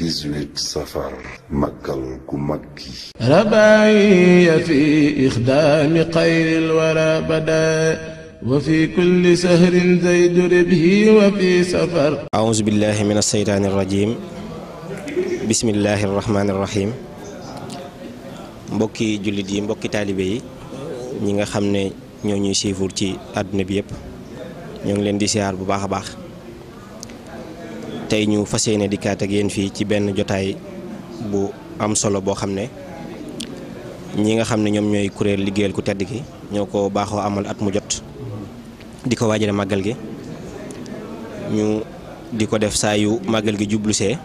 18 سفر مكة كمكي رباعي في إخدام قير الورى بدا وفي كل سهر زيد ربه وفي سفر أعوذ بالله من الشيطان الرجيم بسم الله الرحمن الرحيم mbokki جلدي yi mbokki taalibe yi ñi nga xam ne ñoo ñuy suivre ci àdduna bi yëpp ñoo ngi leen di siyaar bu baax baax tey ñu fas yéene dikkaat ak yéen fii ci benn jotaay bu am solo boo xam ne ñi nga xam ne ñoom ñooy kuréel liggéeyal ku tedd gi ñoo ko baaxoo amal at mu jot di ko waajale màggal gi ñu di ko def saa yu màggal gi jublusee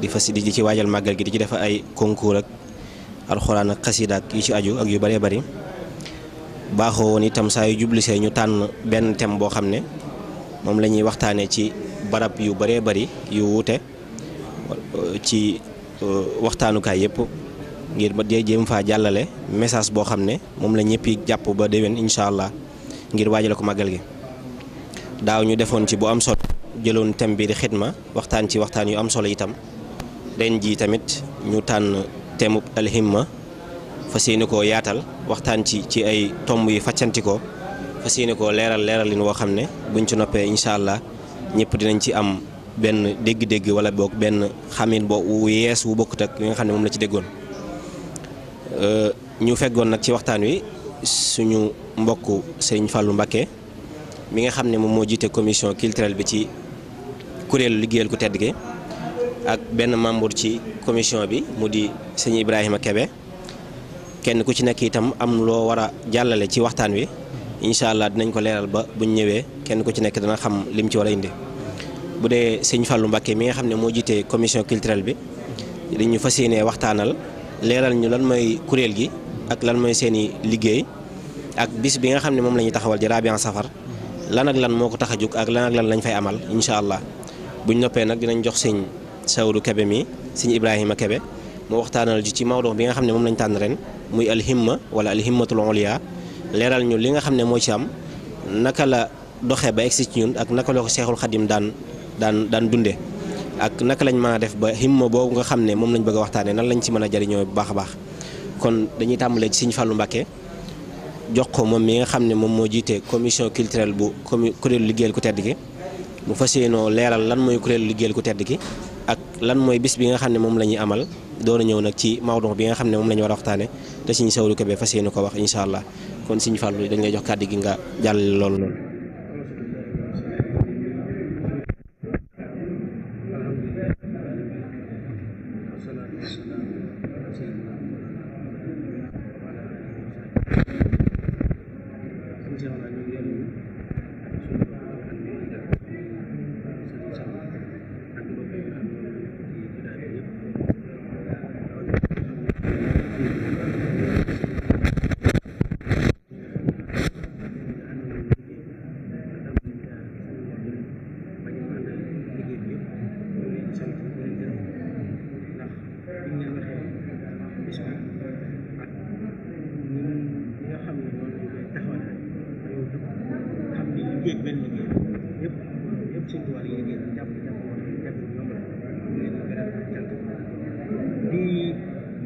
di fas di ci waajal màggal gi di ci def ay concours ak alxuraan ak xasida ak ci aju ak yu bëree bari baaxoo woon itam saa yu jublusee ñu tànn benn thème boo xam ne moom la ñuy waxtaanee ci barab yu bëree bari yu wuute ci euh, waxtaanukaay yëpp ngir ba dee jéem fa jàllale message boo xam ne moom la ñëpp yi jàpp ba déwén incha allah ngir waajale ko màggal gi daaw ñu defoon ci bu am solo jëloon thème bi di xidma waxtaan ci waxtaan yu am solo itam ren ji tamit ñu tànn thème alhimma fas yéene ko yaatal waxtaan ci ci ay tomb yi faccantikoo fas yéene koo leeral leeral lin woo xam ne buñ ci noppee incha allah ñëpp dinañ ci am benn dégg-dégg wala boog benn xamin bo wu yees wu bokkut ak li nga xam ne moom la ci déggoon euh, ñu feggoon nag ci waxtaan wi suñu mbokk Serigne Fallou Mbacké mi nga xam ne moom moo jiite commission culturelle bi ci kuréelu liggéeyal ku tedd gi ak benn membre ci commission bi mu di Serigne Ibrahima Kebe kenn ku ci nekk itam am loo war a jàllale ci waxtaan wi inshallah dinañ ko leral ba buñ ñëwé kenn ku ci nekk dana xam lim ci wara indi bu dee sëñ Fallou Mbacké mi nga xamné ne jité commission culturelle bi dañu ñu lan moy gi ak lan seni seeni liggéey ak bis bi nga xamné mom lañu taxawal di Rabian Safar lan ak lan moko taxajuk ak lan ak lan lañ fay amal inshallah buñ noppé nak dinañ jox sëñ Sawru Kebe mi sëñ Ibrahima Kebe mo waxtanal ji ci mawdoo bi nga xamné mom lañ ren muy alhimma wala himmatul uliya leeral ñu li nga xam ne moo ci am naka la doxee ba egsi ci ñun ak naka la ko Seexul Xadim daan daan daan dunde ak naka lañ mën a def ba himma boobu nga xam ne moom lañ bëgg a waxtaanee nan lañ ci mën a jariñoo bu baax a baax kon dañuy tàmbalee ci Sëñ Fallou Mbacké jox ko moom mi nga xam ne moo jiite commission culturelle bu commu kuréelu liggéeyal ku gi mu fas yéenoo leeral lan mooy kuréelu liggéeyal ku gi ak lan mooy bis bi nga xam ne moom la ñuy amal door ñëw nag ci Maodo bi nga xam ne moom la ñu war a waxtaanee te Sëñ Sawru Kebe fas yéene ko wax incha allah. kon Serigne Fallou dañ lay jox kàddu gi nga jàllale lool noonu.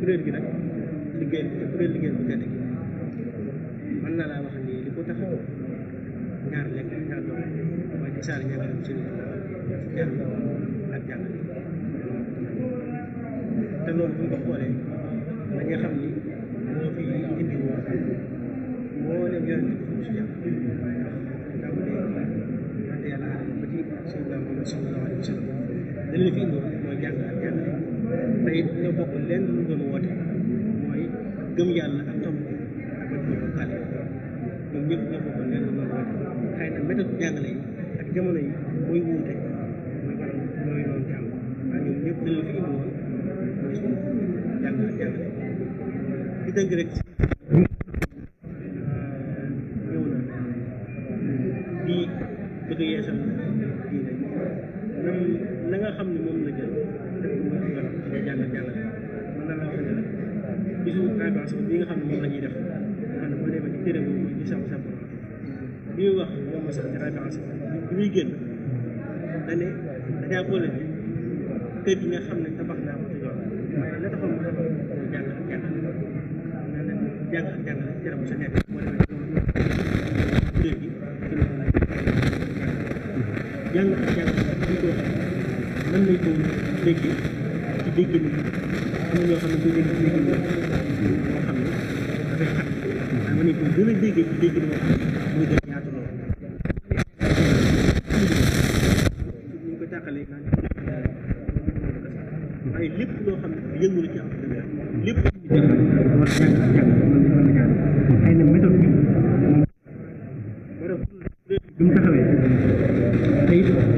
kuréel gi nag liggéeyal ko kuréel liggéeyal ko tedd gi mën na laa wax ni li ko tax ñaar lekk ñaar doon mooy isaar ñaangalam Sëriñ Tuubaa jàng ak jàngale te loolu bu ñu ko xoolee dañuy xam ni moo fi indi woon moo leen yonent bi fu mu si jàpp ndax yonent yàlla aadama ba ci Sëriñ Tuubaa sallallahu alayhi wa sallam dañu fi indi woon mooy jàng ak jàngale te it ñoo bokk lenn lu doon woote mooy gëm yàlla ak topp ak bëgg xale ñoom ñëpp ñoo bokk lenn lu doon woote xëy na méthode jàngale yi ak jamono yi mooy wuute mooy waral mooy doon jàng waaye ñoom ñëpp dañoo fi indi woon mooy suñu jàng ak jàngale di dënk rek référence bi muy génn da ne dajaa boole bi kër gi nga xam ne tabax naa ko ci yoon waaye la taxoon mu tabax mooy jàng ak jàng na leen jàng ak jàng jërë bu sa nekk moo demee kuréel gi ci loolu la jàng ak jàng ñu ko mën nañ ko déggee ci dégg ni am na ñoo xam ne ko dégg ci dégg ni moo xam ne dafay xat waaye mën nañ ko gën a déggee ci dégg ni moo xam ne nunca sabes.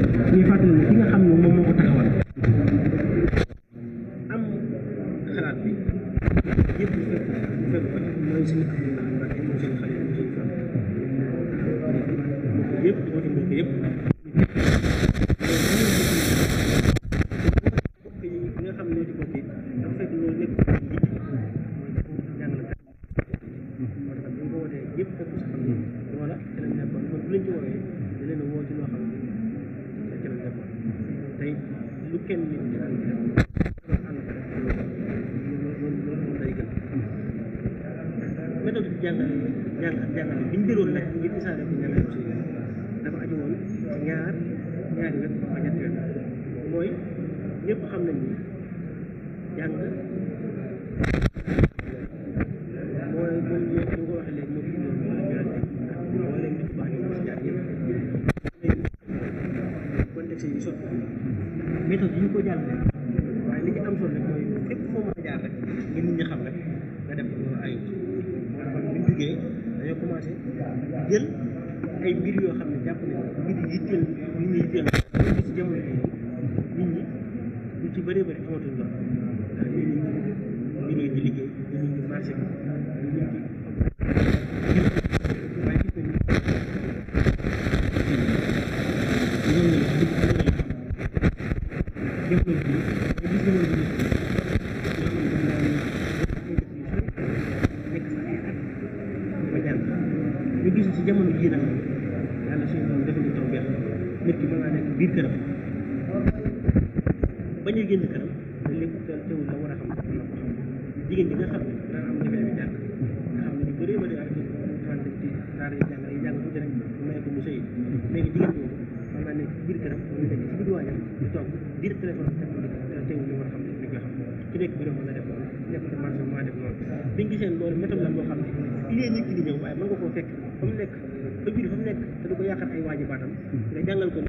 réew la war a xam dafa na ko xam jigéen ñi nga xam ne dana am jafe-jafe jàng nga xam ne ñu bëri bëri ak xamante ci daara yi jàng yi jàng tuuti rek may jigéen boobu mën a xam ne ñu koy maa def loolu biñ gisee loolu méthode la boo xam ne ilée nit ki di ñëw waaye mën nga koo fekk fa mu nekk ba biir fa mu nekk te du ko yàqal ay waaji nga jàngal ko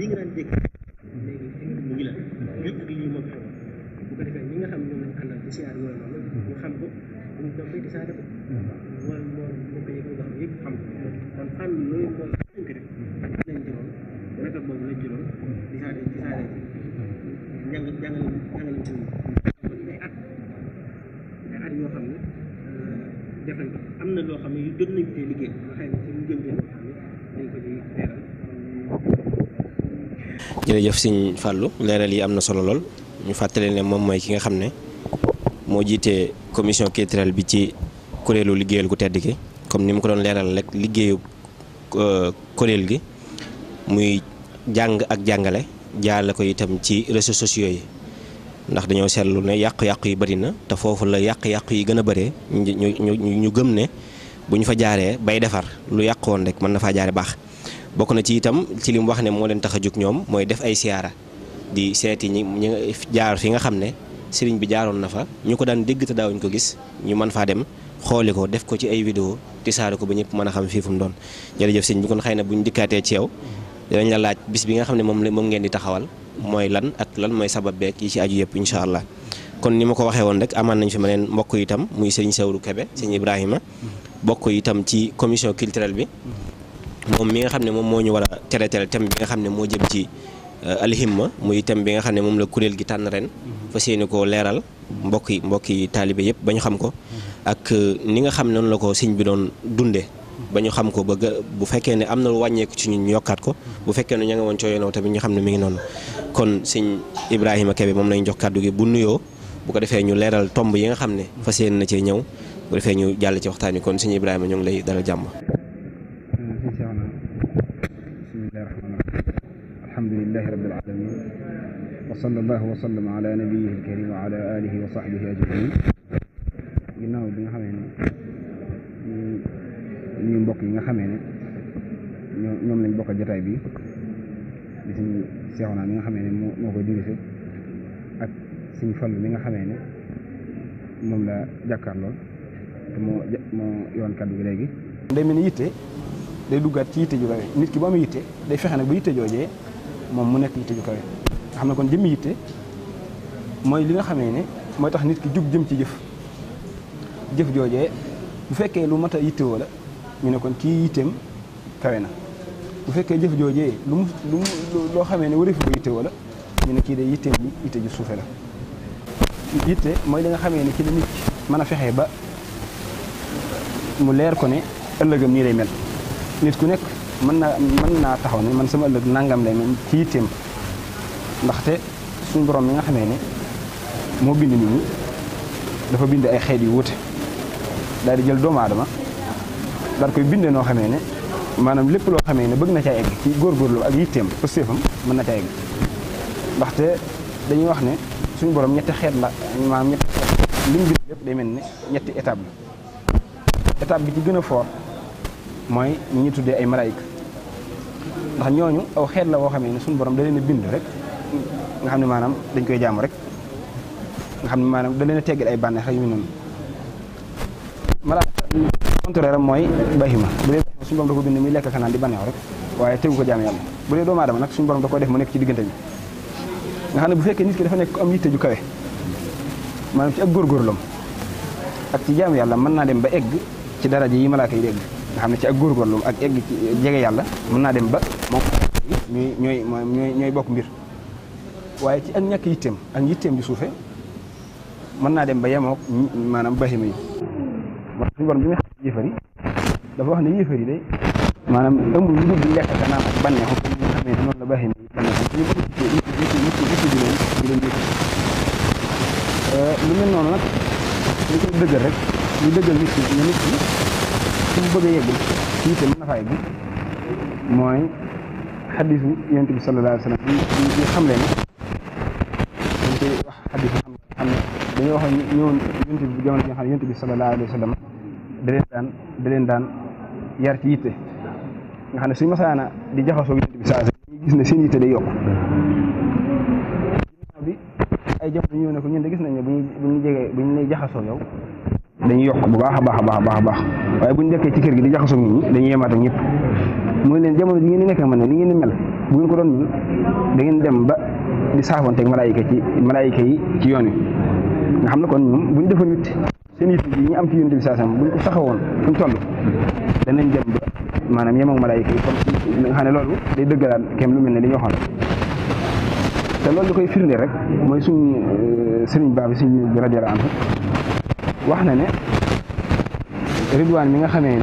lii nga daan dégg léegi mu ngi la lépp lii moom xew bu ko defee ñi nga xam ñoom lañ àndal ci siyaar yooyu noonu ñu xam ko ñu doon béy di saa ko wala moo moo ko yëgal nga xam yëpp xam ko kon fànn yooyu mooy tënk rek ak lañ jëloon méthode boobu lañ jëloon di saa di saa leen jàng jàngale jàngale ci ay at ay at yoo xam ne euh, def nañ ko am na loo xam ne yu jot nañ cee liggéey xëy na ci mu jëm jëm dañ ko ci leeral jërëjëf sëñ Fallou leeral yi am na solo lool ñu fàttali ne moom mooy ki nga xam ne moo jiite commission culturelle bi ci kuréelu liggéeyal ku tedd gi comme ni mu ko doon leeral rek liggéeyu euh, kuréel gi muy jàng ak jàngale jaarale ko itam ci réseaux sociaux yi ndax dañoo seetlu ne yàqu-yàqu yi bari na te foofu la yàqu-yàqu yi gën a bëree ñu ñu ñu gëm ne bu ñu fa jaaree bay defar lu yàq woon rek mën na faa jaare baax. bokk na ci itam ci li mu wax ne moo leen tax a jóg ñoom mooy def ay siyaara di seeti ñi ñi jaar fi nga xam ne sëriñ bi jaaroon na fa ñu ko daan dégg te daawuñ ko gis ñu mën faa dem xooli ko def ko ci ay vidéo saare ko ba ñëpp mën a xam fii fu mu doon jërëjëf sëñ bi kon xëy na buñ dikkaatee ci yow dinañ la laaj bis bi nga xam ne moom moom ngeen di taxawal mooy lan ak lan mooy sabab beeg yi ci aju yëpp incha allah kon ni ma ko waxee woon rek amaan nañ fi beneen mbokk itam muy sëñ Sawru Kebe sëñ Ibrahima mbokk itam ci commission culturelle bi moom mi nga xam ne moom moo ñu war a traiter thème bi nga xam moo jëm ci euh, alhimma muy thème bi nga xam ne moom la kuréel gi tànn ren fas yéene koo leeral mbokk yi mbokk yi taalibe yëpp ba ñu xam ko ak euh, ni nga xam noonu la ko sëñ bi doon dunde ba ñu xam ko ba bu fekkee ne am na lu ci ñu yokkaat ko bu fekkee ne ña nga woon cooyoonoo tamit ñu xam ne mi ngi noonu kon sëñ Ibrahima Kebe moom lañu jox kàddu gi bu nuyoo bu ko defee ñu leeral tomb yi nga xam ne fas yéene na cee ñëw bu defee ñu jàll ci waxtaan wi kon sëñ Ibrahima ñu ngi lay dalal jàmm لله رب العالمين وصلى الله وسلم على نبيه الكريم وعلى آله وصحبه أجمعين ginnaaw bi nga xamee ne ñu mbokk yi nga xamee ne ñoom bi di suñ seexonaa mi nga xamee ne moo koy dirigé ak suñ ni yitte day ci yitte ju nit ki moom mu nekk yitte ju kawe nga xam ne kon jëmmi yitte mooy li nga xamee ne mooy tax nit ki jug jëm ci jëf jëf joojee bu fekkee lu mat a yittewoo la ñu ne kon kii yitteem kawe na bu fekkee jëf joojee lu mu lu mu loo xamee ne warifu ko yittewoo la ñu ne kii de yitteem bi yitte ju suufe la yitte mooy li nga xame ne ci la nit ki mën a fexee ba mu leer ko ne ëllëgam nii lay mel nit ku nekk mën naa mën naa taxaw ne man sama ëllëg nangam lay mel ci yitteem ndaxte suñu borom mi nga xamee ne moo bind nit ñi dafa bind ay xeet yu wute daal di jël doomu aadama daal koy bindee noo xamee ne maanaam lépp loo xamee ne bëgg na caa egg ci góorgóorlu ak yitteem pëstéefam mën na caa egg ndaxte dañuy wax ne suñu borom ñetti xeet la maanaam ñetti xeet lim bind lépp day mel ni ñetti étape la étape bi ci gën a foor mooy ñi tuddee ay malaayika ndax ñooñu aw xeet la woo xamee ne suñu borom da leen bind rek nga xam ne maanaam dañ koy jaamu rek nga xam ne maanaam da leen a ay bànneex ak yu noonu malaaka contraire am mooy bahima bu dee suñu borom da ko bind muy lekk kanaan di bànneex rek waaye tegu ko jaam yàlla bu dee doomu aadama nag suñu borom da koy def mu nekk ci diggante bi nga xam ne bu fekkee nit ki dafa nekk am yitte ju kawe maanaam ci ak góorgóorlam ak ci jaamu yàlla mën naa dem ba egg ci daraja yi malaaka yi di nga xam ne ci ak góorgóorlu ak egg ci jege yàlla mën naa dem ba moom ñooy ñooy ñooy bokk mbir waaye ci ak ñàkk yitteem ak yitteem di suufe mën naa dem ba yemook maanaam bahima yi moo suñu borom bi nga xam ne yéefar yi dafa wax ne yéefar yi day maanaam ëmb lu dul lekk ak naan ak bànneexu ñu nga xamee noonu la bahima yi bànneexu ñu bëgg di leen euh, lu mel noonu nag ñu koy dëggal rek ñu dëggal nit ñi nit ñi fi mu bëgg a yegg fii te mën na faa yegg mooy xadisu yonent bi sallallahu alayhi wa xam leen dañ koy wax xadisu wax ne ñëwoon bi jamono bi nga xam bi sallallahu alayhi wa sallam da leen daan da leen daan xam ne suñ masaana di jaxasoo yonent bi saa dañuy gis ne seen yitte day yokk ginnaaw bi ay jamono ñëw gis nañ ne bu ñu jaxasoo yow dañuy yokk bu baax a baax a baax a baax waaye bu ñu nekkee ci kër gi di jaxasoo nit ñi dañuy yemaat ak ñëpp leen jamono li ngeen di nekk man ne li ngeen di mel bu ngeen ko doon ñun da ngeen dem ba di saafoonteeg malaayika ci malaayika yi ci yoon wi xam ne kon ñoom bu ñu defoon it seen yëpp ñu am ci yonent bi bu ñu ko taxawoon ñu toll danañ dem ba maanaam yem ak malaayika yi comme nga xam loolu day dëggalaat kenn lu mel ne li ñu waxoon te loolu li koy firnde rek mooy suñu euh, sëriñ Ba bi suñu rajo waxna ne ridwan mi nga xamé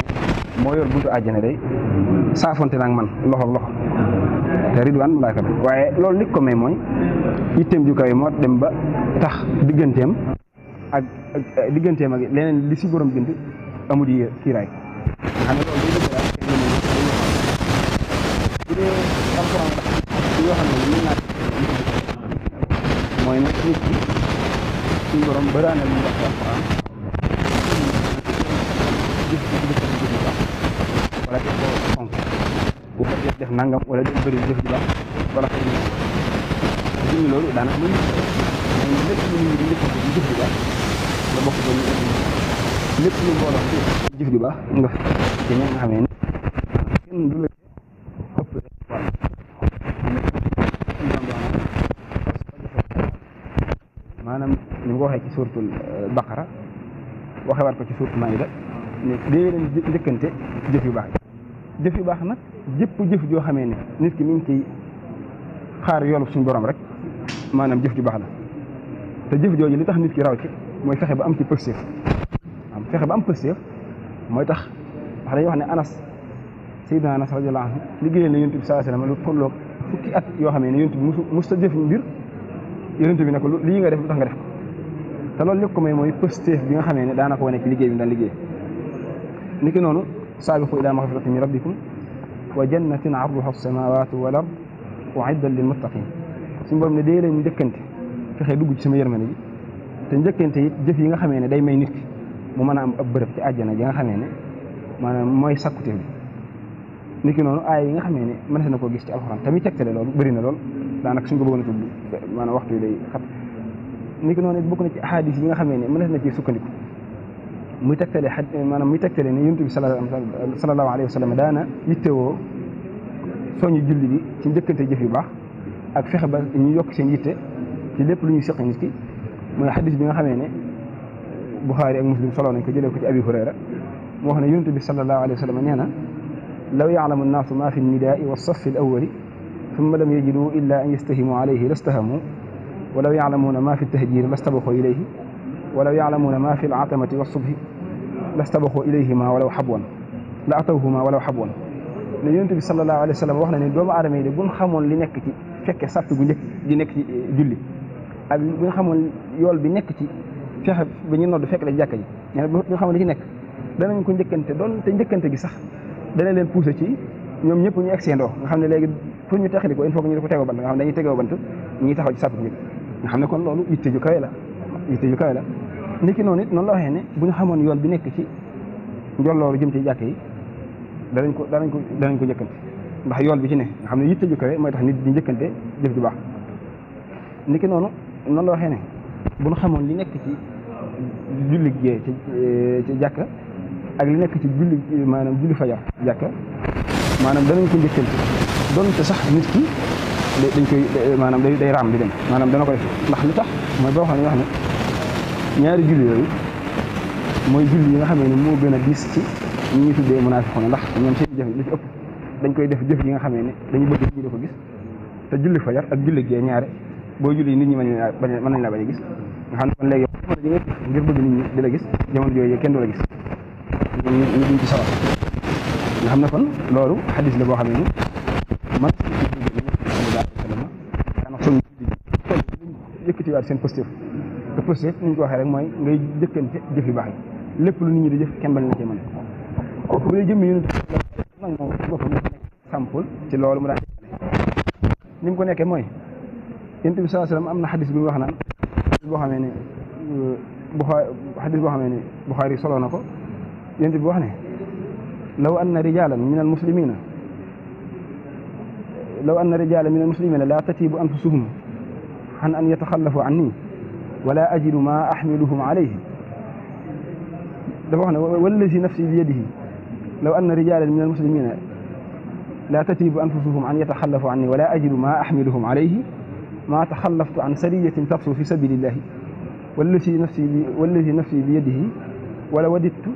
mo yor buntu aljana day saafonte nak man loxo loxo té ridwan mu lay ko mel waaye nit ko may moy pintu, ju kawe mo dem ba tax digëntém ak digëntém ak lénen li ci borom bind amul yi ñu nit borom mu wax wala def ko fonk bu ko def def nangam wala def bëri jëf ju baax wala ko junni ju baax nga bokk doon lépp lu ci jëf ju baax nga ci maanaam ni mu ko waxee ci suuratul baqara waxewaat ko ci suuratul maayida ne dee leen njëkkante jëf yu baax jëf yu baax nag jëpp jëf joo xamee ne nit ki mi ngi xaar yoonu suñu borom rek maanaam jëf ju baax la te jëf jooju li tax nit ki raw ci mooy fexe ba am ci pësteef am fexe ba am pësteef mooy tax wax dañuy wax ne anas sayyidina anas radiyallahu anhu liggéeyal na yonent bi sallallahu alayhi wasallam lu tolloog fukki at yoo xamee ne yonent bi musu musta jëf mbir yonent bi ne ko lii nga def lu tax nga def te loolu lépp ko mooy mooy pësteef bi nga xamee ne daanaka wane ci liggéey bi daan liggéey niki noonu سابقوا إلى مغفرة من ربكم وجنة عرضها السماوات والأرض وعدا للمتقين سيمبر من ديلا من دكنت في خير دوج سمي يرمني تنجكنت جفي غا خمين داي ماي نيت مو مانا ام برب تي اجانا جا خمين مانا موي ساكوتي نيكي نونو اي غا خمين مان سي نكو غيس تي القران تامي تكتل لول بري نا لول دانك سيمبر بوغنا تود مانا وقتي داي خات نيكي نونو بوكو تي احاديث ليغا خمين مان سي نتي سوكانيكو muy tegtale xaj maanaam muy tegtale ni yonent bi sallallahu alayhi wa sallam daana yittewoo soñu julli bi ci njëkkante jëf yu baax ak fexe ba ñu yokk seen yitte ci lépp lu ñuy seq nit ki mooy xadis bi nga xamee ne Buxaari ak Muslim soloo nañ ko jëlee ko ci Abi Hurayra mu wax ne yonent bi sallallahu alayhi wa sallam nee na law yaalamu annaasu maa fi nidaai wa safi al awwali thumma lam yajidu illa an yastahimu alayhi lastahamu wa law yaalamuuna maa fi tahjir lastabaxoo ilayhi walaw yaalamuuna maa fi latamati wasubhi lastabaxoo ilayhima walaw xabwan la atawhuma walaw xabwan ne yonent bi sallallahu alayhi wa sallam wax na doomu aadama yi de buñ xamoon li nekk ci fekke sàpp gu njëkk di nekk ci eh, julli ak buñ xamoon yool bi nekk ci fexe ba ñu nodd fekk la jàkka ji ñene buñ xamoon li ci nekk danañ ko njëkkante doon te njëkkante gi sax dana leen poussé ci ñoom ñëpp ñu egseendoo nga xam ne léegi pour ñu texali ko il di ko tegoo bant nga xam ne dañuy tegoo bant ñuy taxaw ci sàpp gu njëkk nga xam ne kon loolu yitte ju kawe la yitte ju kawe la niki noonu it noonu la waxee ne bu ñu xamoon yoon bi nekk ci njolloolu jëm ci jàkk yi danañ ko danañ ko danañ ko njëkkante ndax yoon bi ci ne nga xam ne yitte ju mooy tax nit di njëkkante jëf ju baax niki noonu noonu la waxee ne bu xamoon li nekk ci julli gee ci eh, ci jàkka ak li nekk ci julli maanaam julli fajar jàkka maanaam danañ ko njëkkante donte sax nit ki dañ koy maanaam day raam di dem maanaam dana ko ndax li tax mooy boo xam ne ñaari julli yooyu mooy julli yi nga xamee ne moo gën a diis ci ñi ñuy tuddee munaafiqoon ndax ñoom seen jëf li ci ëpp dañ koy def jëf yi nga xamee ne dañu bëgg nit ñi di ko gis te julli fajar ak julli gee ñaare boo julli nit ñi mën nañ la bañ gis nga xam ne kon léegi jamono ji bëgg nit di la gis jamono jooju kenn du la gis ñoom ñu ci sawar nga xam ne kon loolu xadis la boo xam ne ni man sallallahu alayhi wa sallam daanaka seen yëkkatiwaat seen te pësef ni ñu ko waxee rek mooy ngay jëkkante jëf yu baax yi lépp lu nit ñi di jëf kembal na ci mën bu dee jëmm yéen nag moom ci boppam nekk sampul ci loolu mu daan ni mu ko nekkee mooy yonent bi sallallahu alayhi wasallam am na xadis bu ñu wax naan boo xamee ne Buxaari xadis boo xamee ne Buxaari solo na ko yonent bi wax ne law anna rijalan min al muslimina law anna rijalan min al muslimina la tatibu anfusuhum an an yataxallafu anni ولا أجد ما أحملهم عليه dafa wax ne wallazi nafsi bi yadihi law anna rijalan min almuslimina la tatibu anfusuhum an yataxallafu anni wala ajidu ma axmiluhum alayhi ma taxallaftu an sariyatin taqsu fi sabilillahi wallazi nafsi bi wallazi nafsi bi yadihi wala wadittu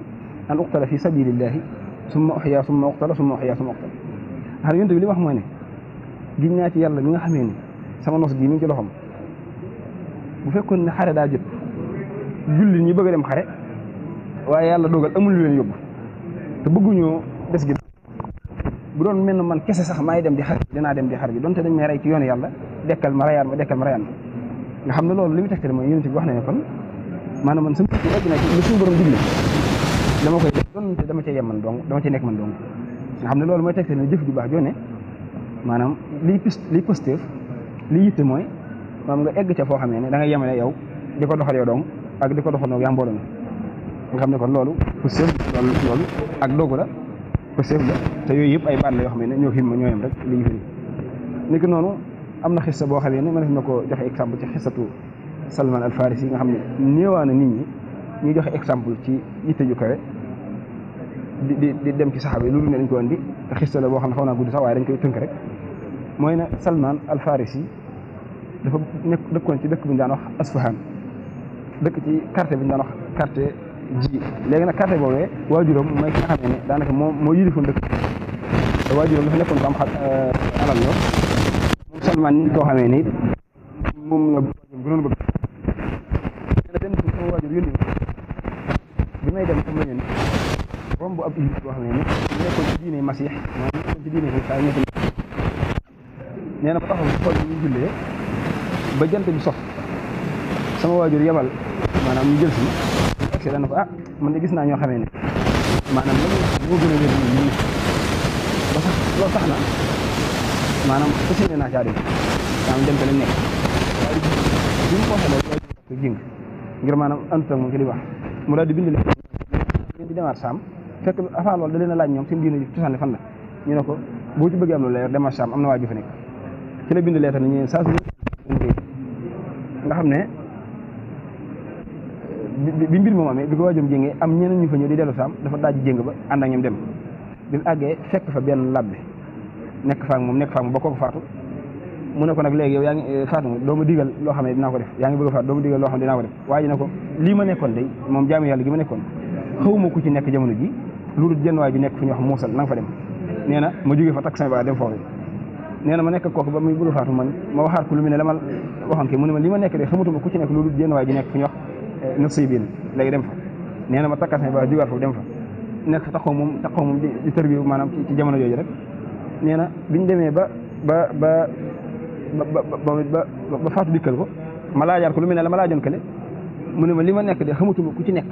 an uqtala fi sabilillahi summa uxya summa uqtala summa uxya summa uqtala xam yonte bi li wax mooy ne giñ naa ci yàlla mi nga xamee ne sama nos gii mi ngi ci loxom bu fekkoon ne xare daa jot jullit ñi bëgg a dem xare waaye yàlla dogal amul lu leen yóbbu te bëgguñoo des gi bu doon mel ne man kese sax maay dem di xar dinaa dem di xar ji donte dañ may rey ci yoonu yàlla dekkal ma rayaan ma dekkal ma rayaan ma nga xam ne loolu li mu tegtale mooy yonent bi wax na ne maanaam man sama egg naa ci li dama koy def dama cee yem man dong dama cee nekk man dong nga xam loolu mooy tegtale ne jëf ju baax maanaam liy piste liy positif liy yitte mooy maanaam nga egg ca foo xam ne da nga yemale yow di ko doxal yow dong ak di ko doxal noog yaa mbooloo nga xam ne kon loolu pëstéef loolu loolu ak dogu la pëstéef la te yooyu yëpp ay baat la yoo xam ne ñoo ma ñoo yam rek li ñu firi niki noonu am na xissa boo xam ne def na ko joxe exemple ci xissatu Salman al Farisi nga xam ne néewaana nit ñi ñuy joxe exemple ci yitte ju kawe di di di dem ci saxaaba yi loolu ne dañ ko andi te xista la boo xam ne xaw naa gudd sax waaye dañ koy tënk rek mooy ne Salman al Farisi dafa nekk dëkkoon ci dëkk bi ñu daan dëkk ci quartier bi ñu daan wax quartier ji léegi nag quartier boobee waajuram mooy ki nga xamee ne daanaka moo moo yilifoon dëkk te dafa nekkoon ko am euh, xam alal la moom ni koo ni moom na dem ab église boo xam ne ni ñu nekkoon ci diine Masiix maanaam nekkoon ci diine Isaa ñëpp nee na ba taxaw jullee ba jant bi sof sama waajur yebal maanaam ñu jël si egsi dana ko ah man de gis naa ñoo xamee ne maanaam la moo gën a wér ba sax loolu sax na ko ko jing ngir di wax mu daal di bind di demaat saam fekk avant loolu da leen laaj ñoom seen diine ji cosaan fan la ñu ne ko boo ci bëggee am lu leer demal saam am na ci la bind su nga xam ne bi mbir moom amee bi ko waajoom jéngee am ñeneen ñu fa ñëw di dellu saam dafa daaj jéng ba ànd ak ñoom dem bi àggee fekk fa benn labbe nekk faak moom nekk faak moom ba kooku faatu mu ne ko nag léegi yow yaa ngi eh, faatu doo ma digal loo xam ne dina ko def yaa ngi bëgg a faatu doo loo xam ne dinaa ko def waaye ji ne ko lii ma nekkoon day moom jaamu yàlla gi ma nekkoon xaw ma ku ci nekk jamono ji loolu jenn waay bi nekk fu ñu wax muusal na nga fa dem nee na ma jógee fa takk sama ba dem foofu nee ma nekk kooku ba muy bulu faatu man ma waxaat ko lu mu ne la ma waxoon kii mu ne ma nekk de xamatuma ku ci nekk na sëy biin léegi dem fa nee na ma takkas ba jógaat foofu dem fa nekk taxaw moom taxaw moom di tër bi maanaam ci jamono jooju rek nee na biñ demee ba ba ba ba ba faatu dikkal ko ma laajaat ko lu mu ne la ma laajoon kële mu ne ma li ma nekk de xamatuma ku ci nekk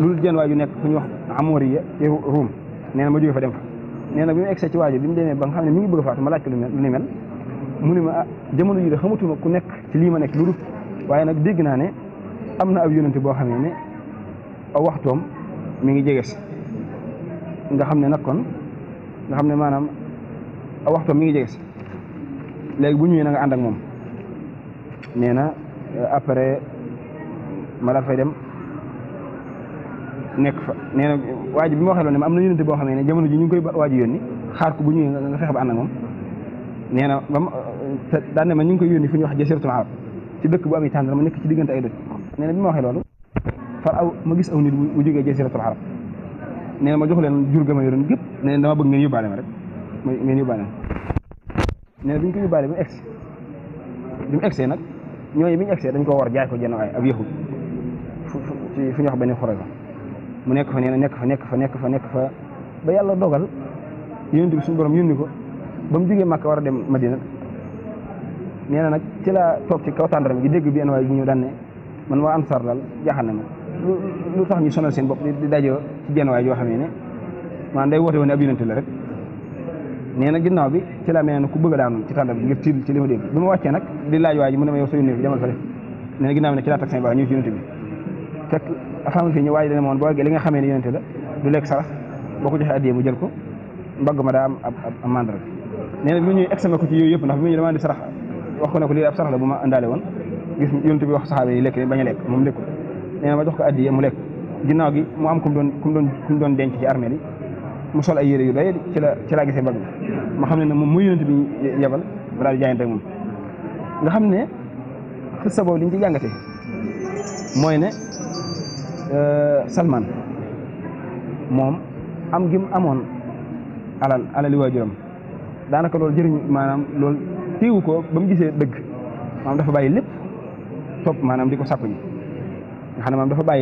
loolu jénn waay ju nekk fu ñu wax amoriya te ruum nee ma jóge fa dem fa nee na bi mu egsee waajur bi mu demee ba nga xam ne mi ngi bëgg a faatu ma laaj ko ni mel mu ne ma ah, jamono ji de ku nekk ci lii ma nekk lu waaye nag dégg naa ne am na ab yónante boo xam ne aw waxtoom mi ngi jege nga xam ne nag kon nga xam ne maanaam aw mi ngi jege si léegi bu ñëwee ànd ak moom nee na après ma dem. nekk fa nee na waa bi ma waxee loolu ne ma am na yónente boo xam ne jamono ji ñu ngi koy waa ji yónni xaar ko bu ñëwee nga fexe ba ànd nee na ba ma daan ne ma ñu ngi koy yónni fu ñuy wax jasiratul arab ci dëkk bu am i tàndar ma nekk ci diggante ay dëkk nee na bi ma waxee loolu far aw ma gis aw nit bu jógee jasiratul arab nee na ma jox leen jur ga ma gépp nee na dama bëgg ngeen yóbbaale ma rek ma ngeen yóbbaale ma nee na bi ñu ko yóbbaale bi mu egsi bi mu egsee nag ñooñu bi ñu egsee dañ ko war jaay ko jenn waay ab yahud fu ñu wax benn xorosa mu nekk fa nee nekk fa nekk fa nekk fa nekk fa ba yàlla dogal yu yónni bi suñu borom yónni ko ba mu jógee Màkka war a dem ma nee na nag ci laa toog ci kaw tàndaram gi dégg bi en waay bu ñëw daan ne man waa Ansaar daal jaaxal na ma lu tax ñu sonal seen bopp di dajoo ci jenn waay yoo xam ne maanaam day woote woon ne ab yonente la rek nee na ginnaaw bi ci laa mel ne ku bëgg a daanu ci tàndaram gi ngir tiil ci la ma dégg bi ma wàccee nag di laaj waa mu ne ma yow sa yónni bi demal fa def nee na ginnaaw bi nag ci laa tag seen baax ñëw afamul fii ñu waaji dana moon boo eggee li nga xamee ne boo ko joxee addiyee mu jël ko mbagg ma daa am ab mandarga nee na bi mu ñuy examen ko ci yooyu yëpp ndax bi mu ñu demandé sarax wax ko ne ko lii ma indaale woon gis yonente bi wax saxaaba yi lekk bañ a lekk moom ko addiyee mu lekk ginnaaw gi mu am doon kum doon kum doon denc ci armée mu sol ay yére yu doy ci la ci laa gisee mbagg ma ma xam ne ne moom muy yonente bi yebal ma daal di jaayante ak moom nga xam ne xis sa boobu liñ ci jàngate mooy ne Euh, Salman moom am gi mu amoon alal alali waajuram daanaka loolu jëriñ maanaam lool téewu ko ba mu gisee dëgg maanaam dafa bàyyi lépp topp maanaam di ko sakku ji nga xam ne maanaam dafa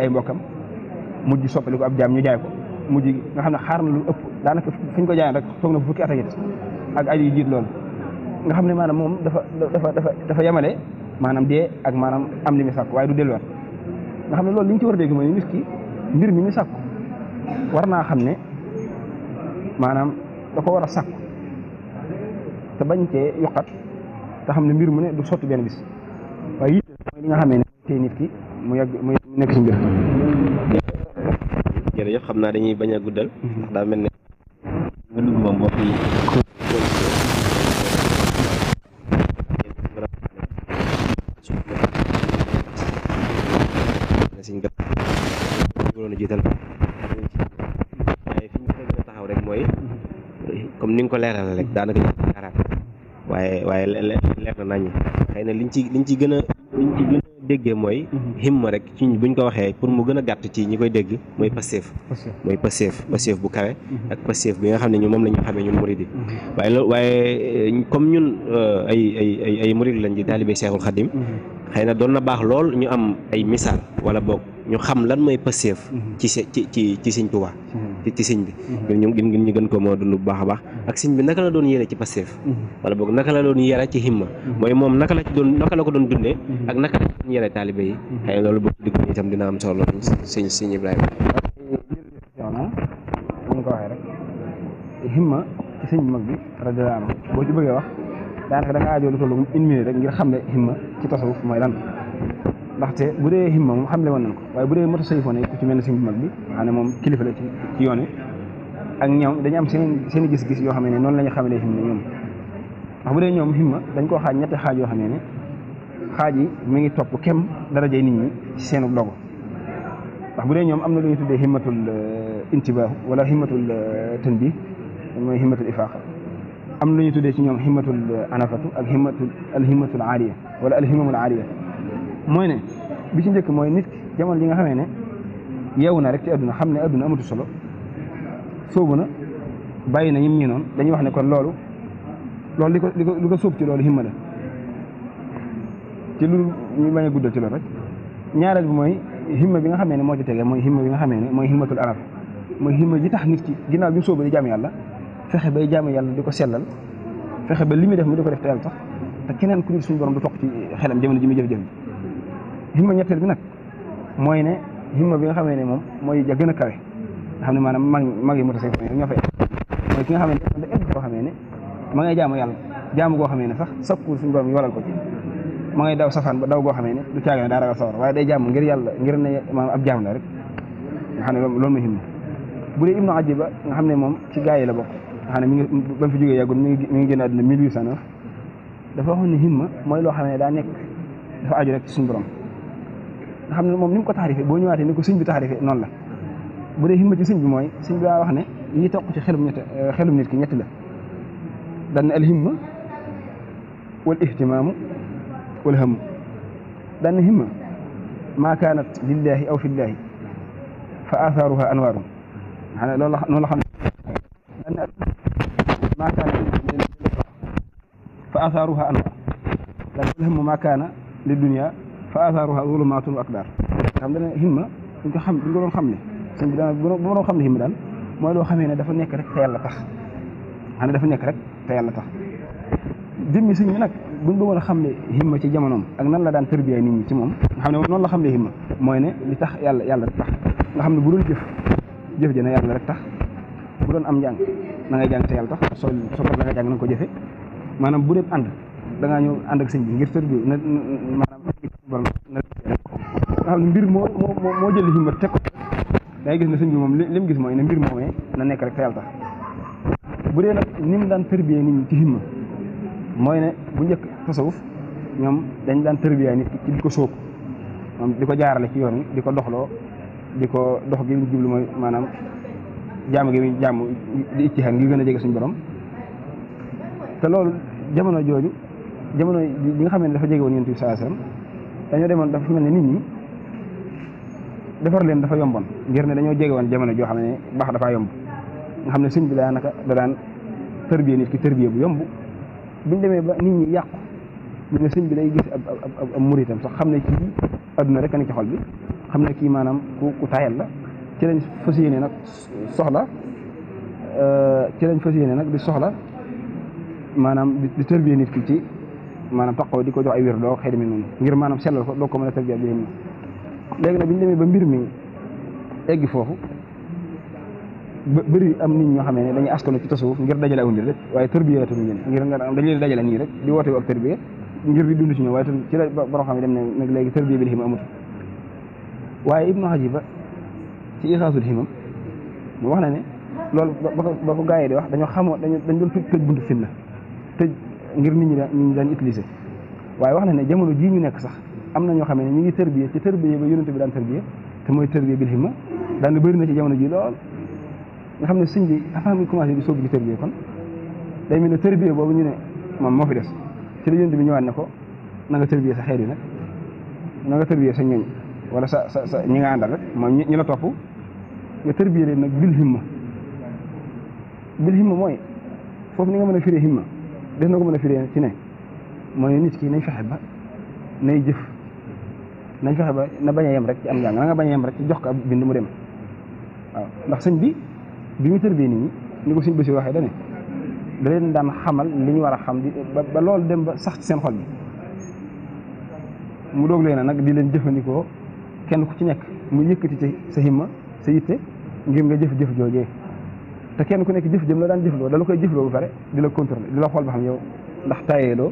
ay mbokkam mujj soppali ab jaam ñu jaay ko nga xam ne xaar lu ëpp daanaka fi ko jaayoon rek toog na fukki at ak ak ay jiit loolu nga xam ne maanaam moom dafa dafa dafa dafa yemale manam dee ak manam am limi sakku way waaye du delluwaat nga xam ne loolu li ci war a dégg mooy nit ki mbir mi ni sakku war na xam manam da ko wara sakku sàkk te bañ ci yuqat te xam mbir mu ne du sotti ben bis way yi mooy li nga xamee ne tey nit ki mu yag mu nek ci mbir. jërëjëf xam xamna dañuy baña guddal. Mm-hmm. da melni daanaka ñu dara waaye waaye leer na nañu xëy na liñ ci liñ ci gën a ci gën déggee mooy mhm. himma rek ci buñ ko waxee pour mu gën a gàtt ci ñi koy dégg mooy passeef mooy passeef passeef bu kawe mhm. ak passeef bi nga xam ne ñu moom la ñu xamee ñu murid mhm. waaye loolu waaye eh, comme ñun euh, ay ay ay ay murid lañ di taalibe Seexul Xadim xëy na doon na baax lool ñu am ay misaal wala boog ñu xam lan mooy Pastef mhm. ci ci ci ci sëñ Tuubaa mhm. ci ci sëñ bi mhm. ñu ñu ñu gën ko moo dund bu baax a baax ak sëñ bi naka la doon yére ci Pastef wala boog naka la doon yére ci himma mooy moom naka la ci naka la ko doon dundee ak naka la doon yére taalibe yi xëy loolu boo digg ñu itam dina am solo loolu sëñ sëñ Ibrahima himma ci sëñ mag bi radiyallaahu anhu boo ci bëggee wax daanaka da nga aajoo lu tollu une minute rek ngir xam ne himma ci tasawuf mooy lan ndaxte bu dee himma moom xamle woon nañ ko waaye bu dee moto sayfoon ku ci mel ne sëñ bu mag bi xam ne moom kilifa ci ci yoon wi ak ñoom dañu am seen seen gis-gis yoo xam ne noonu la ñu xamalee himma ñoom ndax bu dee ñoom himma dañ koo xaaj ñetti xaaj yoo xam ne xaaj yi mi ngi topp kem darajay nit ñi ci seenu dogu ndax bu dee ñoom am na lu ñu tuddee himmatul euh, intibaahu wala himmatul euh, bi mooy himmatul ifaaqa am lu ñu tuddee ci ñoom himmatul anafatu ak himmatul alhimmatul aaliya wala alhimamul aaliya mooy ne bi ci njëkk mooy nit ki ji nga xamee ne yeewu na rek ci adduna xam ne adduna amatu solo sóobu na bàyyi na ñim ñi noonu dañu wax ne kon loolu loolu li ko li ko li ci loolu himma la ci lu ñu bañ a guddal ci loolu rek ñaareel bi mooy himma bi nga xamee ne moo ci tegee mooy himma bi nga xamee ne mooy himmatul anaf mooy himma ji tax nit ci ginnaaw bi mu sóobu di jàmm yàlla fexe bay jaamu yàlla di ko sellal fexe ba li muy def mu di ko def te yàlla tax te keneen ku dul suñu borom du toq ci xelam jamono ji muy jëf jëf ji himma ñetteel bi nag mooy ne himma bi nga xamee ne moom mooy ja a kawe nga xam ne maanaam mag mag yi motasay mooy ki nga xam ne koo xamee ne ma ngay jaamu yàlla jaamu goo xamee ne sax sakkuul suñu borom yi waral ko ci ma ngay daw safaan ba daw goo xamee ne du caaga ne daa ragal waaye day jaamu ngir yàlla ngir ne maanaam ab jaam rek nga xam ne loolu bu dee ibnu ajiba nga xam ne moom ci gaa yi la bokk xam ne mi ngi ba mu fi jógee yàggul mi ngi mi ngi génn àdduna mille huit cent neuf dafa waxoon ne himma mooy loo xam ne daa nekk dafa aju rek ci suñu borom nga xam ne moom ni mu ko taxarifee boo ñëwaatee ni ko sëñ bi taxarifee noonu la bu dee himma ci sëñ bi mooy sëñ bi daa wax ne yi toq ci xelum ñett xelum nit ki ñett la dan al himma wal ihtimaamu wal hamu dan himma maa kaanat lillahi aw fillahi fa athaaruha anwaarum xanaa loolu la noonu la xam ne ما كان فآثارها أنواع لأن الهم ما كان للدنيا فآثارها ظلمات وأقدار xam nga ne himma duñ ko xam duñ xam ne sëñ bi daal bu ma doon xam ne himma daal mooy loo xamee ne dafa nekk rek te yàlla tax xam ne dafa nekk rek te yàlla tax jëmmi sëñ mi nag buñ bëggoon a xam ne himma ci jamonoom ak nan la daan tërbiyaay nit ci moom xam ne noonu la xam ne himma mooy ne li tax yàlla yàlla rek tax nga xam ne bu doon jëf jëf jëna yàlla rek tax bu doon am jang na ngay jang te yàlla tax so so ko la nga jàng na ko jëfe manam bu dee and da nga ñu and ak sëñ bi ngir tër bi manam borom na nga mbir mo mo mo jël himmat teg ko da ngay gis na sëñ bi mom lim gis moy na mbir momé na nek rek te tax bu dee nak nim mu daan tërbiyee nit ci himma moy ne bu ñëk tasawuf ñom dañ daan terbié nit ci diko sok sóob moom jaarale ci yoon diko doxlo diko dox gi ñu jublu moy manam jaamu gi muy di ittihaam ngir gën a jege suñu borom té loolu jamono joju jamono bi nga xamné dafa jëgë won yonent sallallahu alayhi wasallam dañu demoon dafa melni nit ñi defar leen dafa yombon ngir né dañoo jëgë won jamono jo xamné bax dafa yomb nga xamné suñu bi la naka da daan tërbiye nit ki tërbiye bu yomb buñ démé ba nit ñi yaq ñu né suñu bi lay gis ab ab ab muritam sax xamné ci aduna rek a ci xol bi xamné ki manam ku ku tayal la ci lañ fas yéene nag soxla euh, ci lañ fas yéene nag di soxla maanaam di tërbiye nit ki ci maanaam taxaw di ko jox ay wér doo xëy mi noonu ngir maanaam sellal ko doo ko mën a tërbiye bi nii léegi nag ba mbir mi eggi foofu bëri am nit ñoo xam ne dañuy askanu ci tasawuf ngir dajale aw nit rek waaye tërbiye tamit ngeen ngir nga dañu leen dajale nii rek di woote ak tërbiye ngir di dund ci ñoom waaye ci la borom xam ne dem ne nag léegi tërbiye bi li amut waaye Ibnu Hajiba ci isaasul himam mu wax na ne loolu ba ko ba ko gaa yi de wax dañoo xamoo dañu dañ doon tëj buntu na tëj ngir nit ñi daan nit ñi daan waaye wax na ne jamono jii ñu nekk sax am na ñoo xam ne ñu ngi tërbiye ci tërbiye ba yonent bi daan tërbiye te mooy tërbiye bil himma daan bëri na ci jamono ji lool nga xam ne sëñ bi avant muy commencé di sóobu ci tërbiye kon day mel ne tërbiye boobu ñu ne moom moo fi des ci la yonent bi ñëwaat ne ko na nga tërbiye sa xeer yi nag na nga tërbiye sa ñooñ wala sa sa sa ñi nga àndal rek ñi la topp nga tërbiye leen nag bil himma bil himma mooy foofu ni nga mën a firee himma def na ko mën a firee ci ne mooy nit ki nañ fexe ba nay jëf nañ fexe ba na bañ a yem rek ci am njàng na nga bañ a rek ci jox ko ab bind mu dem waaw ndax sëñ bi bi mu tërbiyee nit ñi ni ko sëñ Basiru waxee dane da leen daan xamal li ñu war a xam di ba lool dem ba sax ci seen xol bi mu doog leen nag di leen jëfandikoo kenn ku ci nekk mu yëkkati ci sa himma sa yitte ngir nga jëf-jëf joojee te kenn ku nekk jëf jëm la daan jëfloo dala koy jëfloo ba pare di la contrôler di la xool ba xam yow ndax tayeeloo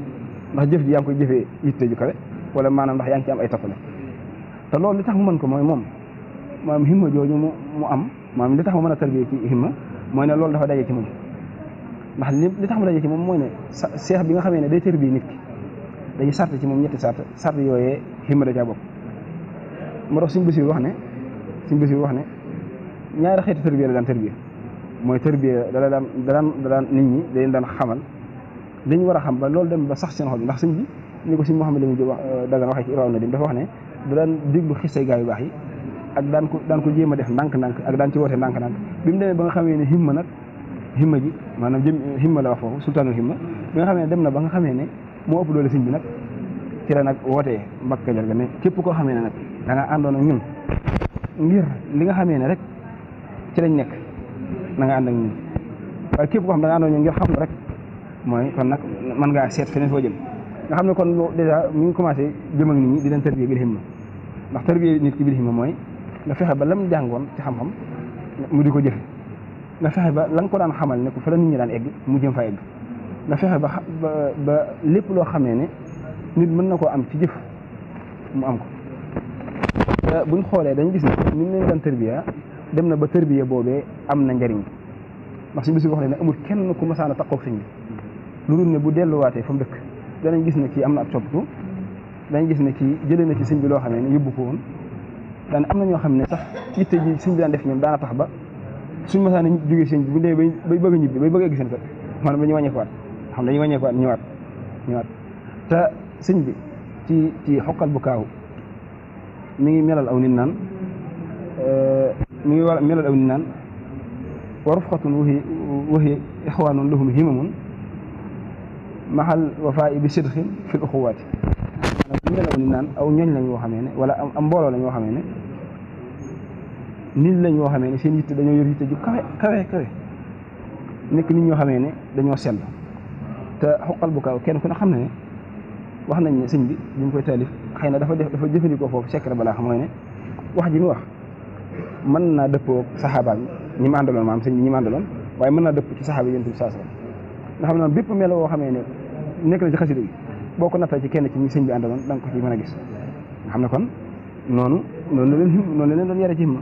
ndax jëf ji yaa ngi koy jëfee yitte ju kawe wala maanaam ndax yaa ngi ci am ay toppale te loolu li tax mu mën ko mooy moom maanaam himma jooju mu mu am maanaam li tax mu mën a tarbiyee ci himma mooy ne loolu dafa daje ci moom ndax li tax mu daje ci moom mooy ne seex bi nga xamee ne day tarbiyee nit ki dañuy sart ci moom ñetti sart sart yooyee himma da caa bokk moo tax suñ basiir wax ne suñ basiir wax ne ñaari xeeti tërbiya la daan tërbiya mooy tërbiya dala daan daan daan nit ñi dañ daan xamal dañ war a xam ba loolu dem ba sax seen xol ndax sëñ bi ni ko sëñ Mouhamed Lamine Diop euh, dagan waxee ci raw na dim dafa wax ne da daan déglu xisay gaa yu baax yi ak daan ko daan ko jéem a def ndànk-ndànk ak daan ci woote ndànk-ndànk bi mu demee ba nga xamee ne himma nag himma ji maanaam jëm himma la wax foofu sultaanul himma bi nga xamee ne dem na ba nga xamee ne moo ëpp doole sëñ bi nag ci la nag woote mbakka jor ga ne képp koo xamee ne nag da àndoon a ñun ngir li nga xamee ne rek ci lañ nekk na nga ànd ak ñun waaye képp koo nga xam rek mooy kon nag mën ngaa seet foo jëm xam ne kon dèjà mi ngi commencé jëm ak nit ñi di leen tarbiyee bil ndax tarbiyee nit ki bil himma mooy nga fexe ba lam jàngoon ci xam-xam mu di ko jëfe nga fexe ba la ko daan xamal ne ko fa la nit daan egg mu jëm fa egg nga fexe ba ba lépp loo xamee ne nit mën na koo am ci jëf mu am ko buñ xoolee dañ gis ne ñu leen daan tarbiya dem na ba tërbiya boobee am na njariñ ndax suñu bis bi wax ne ne amul kenn ku masaana taqoog sëñ bi lu dul ne bu delluwaatee fa dëkk danañ gis ne kii am na ab coppitu dañ gis ne kii jëlee na ci sëñ bi loo xam ne yóbbu ko woon daan am na ñoo xam ne sax yitte ji sëñ daan def ñoom daana tax ba suñ masaana jógee sëñ bi bu dee bay bëgg a ñibbi bay bëgg a egg seen kër maanaam dañuy wàññeekuwaat xam dañuy wàññeekuwaat ñëwaat te sëñ bi ci ci xoqal bu kaaw mi ngi melal aw nit naan mi ngi war melal aw ni naan wa rufqatun waxi waxi ixwaanun lahum himamun maxal wafaa'i bi sidqin fil uxuwaati maanaam melal aw ni naan aw ñooñ lañ woo xamee ne wala am mbooloo lañ woo xamee ne nit lañ woo xamee ne seen yitte dañoo yor yitte ju kawe kawe kawe nekk nit ñoo xamee ne dañoo sell te xoqal bu kaw kenn ku ne xam na ne wax nañ ne sëñ bi bi mu koy taalif xëy na dafa def dafa jëfandikoo foofu secret balaa xam nga ne wax ji mu man na dëppoo sahaba ñi ma andalon maam sëñ ñi ma andalon waye man na dëpp ci sahaba yonent sa sa sallam nga xam ne melo wo xamee ne nekk na ci xasida boko boo ko ci kenn ci ñi sëñ bi andalon dang ko ci mën gis nga xam kon nonu nonu len him noonu leen doon yare ci ma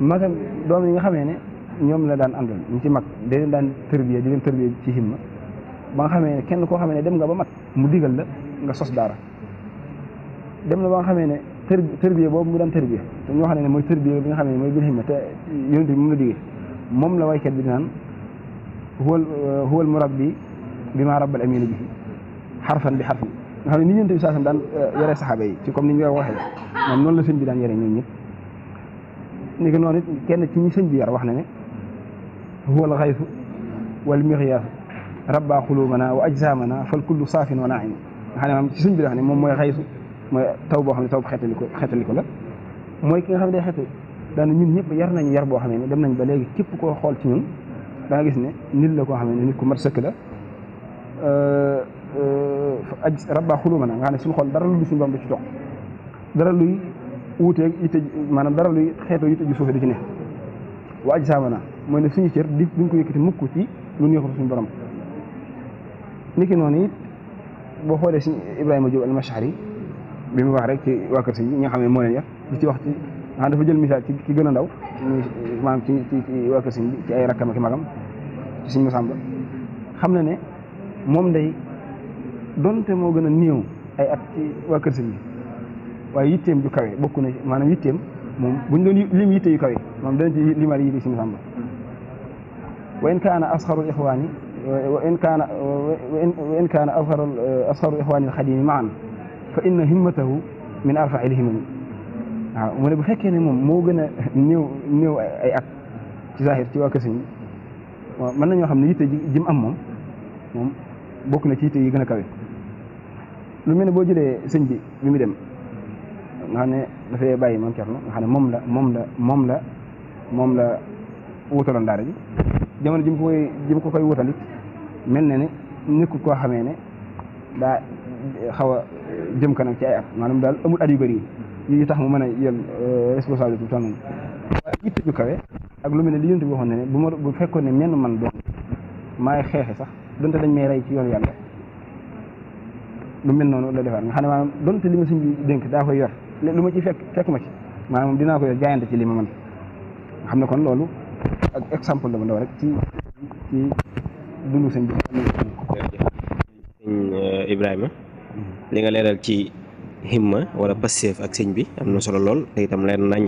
magam doom yi nga xamee ne ñoom la daan andal ñi ci mak de len daan terbiye di len terbiye ci himma ba nga xamee ne kenn ko xamee ne dem nga ba mat mu digal la nga sos dara dem na ba nga xamee ne تربية بوب مدام تربية تنو حنا نمو تربية بين خامين مو بيرهم متى يندي منو دي مم لواي كدنان هو هو المربي بما رب الأمين به حرفا بحرف خامين نيجي نتي ساسن دان آه، يرى صحابي تكم نيجي واحد من نون لسن بدان يرى نيجي نيجي نون كأن تني سن بيار واحد نه هو الغيث والمغياث رب قلوبنا وأجسامنا فالكل صافٍ وناعم حنا نيجي سن بدان مم ما mooy taw boo xam ne taw bu xetaliku xetaliku la mooy ki nga xam ne day xetal daana ñun ñëpp yar nañu yar boo xam ne dem nañ ba léegi képp koo xool ci ñun da nga gis ne nit la koo xam ne nit ku mat sëkk la aj rabba xuluma na nga ne suñu xool dara lu suñu borom du ci toq dara luy wuuteeg yitte maanaam dara luy xeetoo yitte ju suufe du ci ne wa aj saamana mooy ne suñu cër di duñ ko yëkkati mukk ci lu neexul suñu borom niki noonu it boo xoolee si Ibrahima Diop al Mashari bi mu wax rek ci waa kër si ñi nga xam ne moo leen yar di ci wax ci ah dafa jël misaal ci ki gën a ndaw maanaam ci ci ci waa kër si ci ay rakkam ak magam ci suñu masamba xam na ne moom day donte moo gën a néew ay at ci waa kër si waaye yitteem ju kawe bokk na maanaam yitteem moom buñ doon lim yitte yu kawe moom dana ci limal yi di suñu masamba wa in kaana asxaru ixwaani wa in kaana wa in kaana asxaru ixwaani alxadimi maan fa inna himmatahu min arfail himami waaw mu ne bu fekkee ne moom moo gën a néew néew ay at ci zahir ci waa kasin yi waaw mën nañoo xam ne yitte jim am moom moom bokk na ci yitte yi gën a kawe lu mel ne boo jëlee sëñ bi bi mu dem nga ne dafay bàyyi moom Cerno nga xam ne moom la moom la moom la moom la wutaloon daara ji ji mu koy na ne koo xamee ne daa xaw a jëm kanam ci ay at maanaam daal amul at yu bëri yi tax mu mën a yem euh, responsabilité bi toll nañu waaye kawe ak lu mel ne li yonent bi waxoon ne bu ma bu fekkoon ne menn man doon maay xeexe sax donte dañ may rey ci yoonu yàlla lu mel noonu la defaat nga xam ne maanaam donte li ma sëñ bi dénk daa koy yor lu ma ci fekk fekk ma ci maanaam dinaa ko yor jaayante ci li ma mën xam ne kon loolu ak exemple la ma ndaw rek ci ci dundu sëñ bi. Euh, Ibrahima. li nga leeral ci himma wala passeef ak sëñ bi am na solo lool te itam leer nañ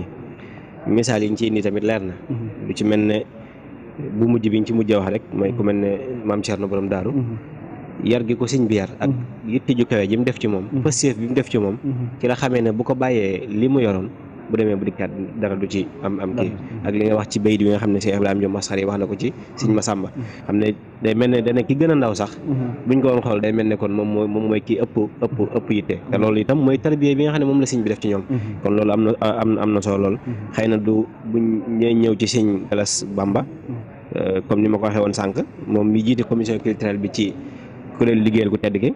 misaal yi ñu ci indi tamit leer na mhm. lu ci mel ne bu mujj bi ñu ci mujjee wax rek mooy ku mel ne maam Thierno borom daaru mhm. yar gi ko sëñ bi yar ak mhm. yitte ju kawe ji mu def ci moom passeef bi mu def ci moom ci la xamee ne bu ko bàyyee li mu yoroon bu demee bu dikkaat dara du ci am am kii ak li nga wax ci bayit bi nga xam ne Cheikh Ibrahima Diop wax na ko ci Sëñ Masamba xam ne day mel ne dana ki gën a ndaw sax mhm. buñ ko woon xool day mel ne kon moom mooy moom mooy kii ëpp ëpp ëpp yitte te loolu itam mooy tarbiya bi nga xam ne moom la sëñ bi def ci ñoom mhm. kon loolu am na am am na solo lool mhm. xëy na du buñ ñëw ci sëñ Galas Bamba euh, comme ni ma ko waxee woon sànq moom mi jiite commission culturelle bi ci kuréel liggéeyal ku tedd gi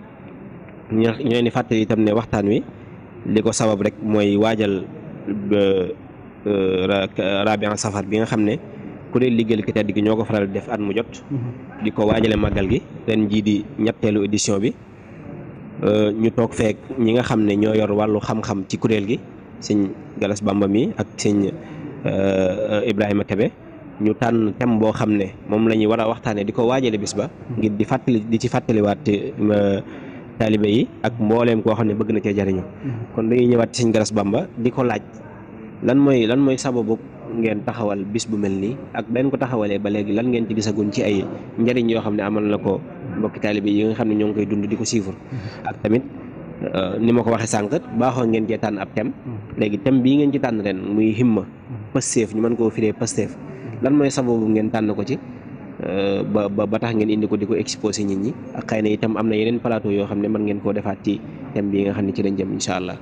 ñoo ni fàttali itam ne waxtaan wi li ko sabab rek mooy ba rabian safar bi nga xam ne ku dee liggéeyal ki tedd gi ñoo ko faral di def at mu jot mhm. di ko waajale màggal gi ren jii di ñetteelu édition bi euh, ñu toog feek ñi nga xam ne ñoo yor wàllu xam-xam ci kuréel gi sëñ Galas Bamba mi ak sëñ euh, euh, Ibrahima Kebe ñu tànn thème boo xam ne moom la ñuy war a waxtaanee di ba mhm. ngir di fàttali di ci fàttaliwaat taalibe yi ak mbooleem koo xam ne bëgg na cee jariñu mm-hmm. kon dañuy ñëwaat ci Sëñ Garas Bamba di ko laaj lan mooy lan mooy sababu ngeen taxawal bis bu mel nii ak benn ko taxawalee ba léegi lan ngeen ci gisagun ci ay njariñ yoo xam ne amal na ko mbokki taalibe yi nga xam ne ñoo ngi koy dund di ko siifur mm-hmm. ak tamit euh, ni ma ko waxee sànq baaxoo ngeen cee tànn ab thème mm-hmm. léegi thème bii ngeen ci tànn ren muy himma pasteef ñu mën koo firee pasteef lan mooy sababu ngeen tànn ko ci Euh, ba ba tax ngeen indi ko di ko exposé nit ñi ak xëy na itam am na yeneen palaato yoo xam ne mën ngeen koo defaat ci thème bi nga xam ne ci lañ jëm incha allah.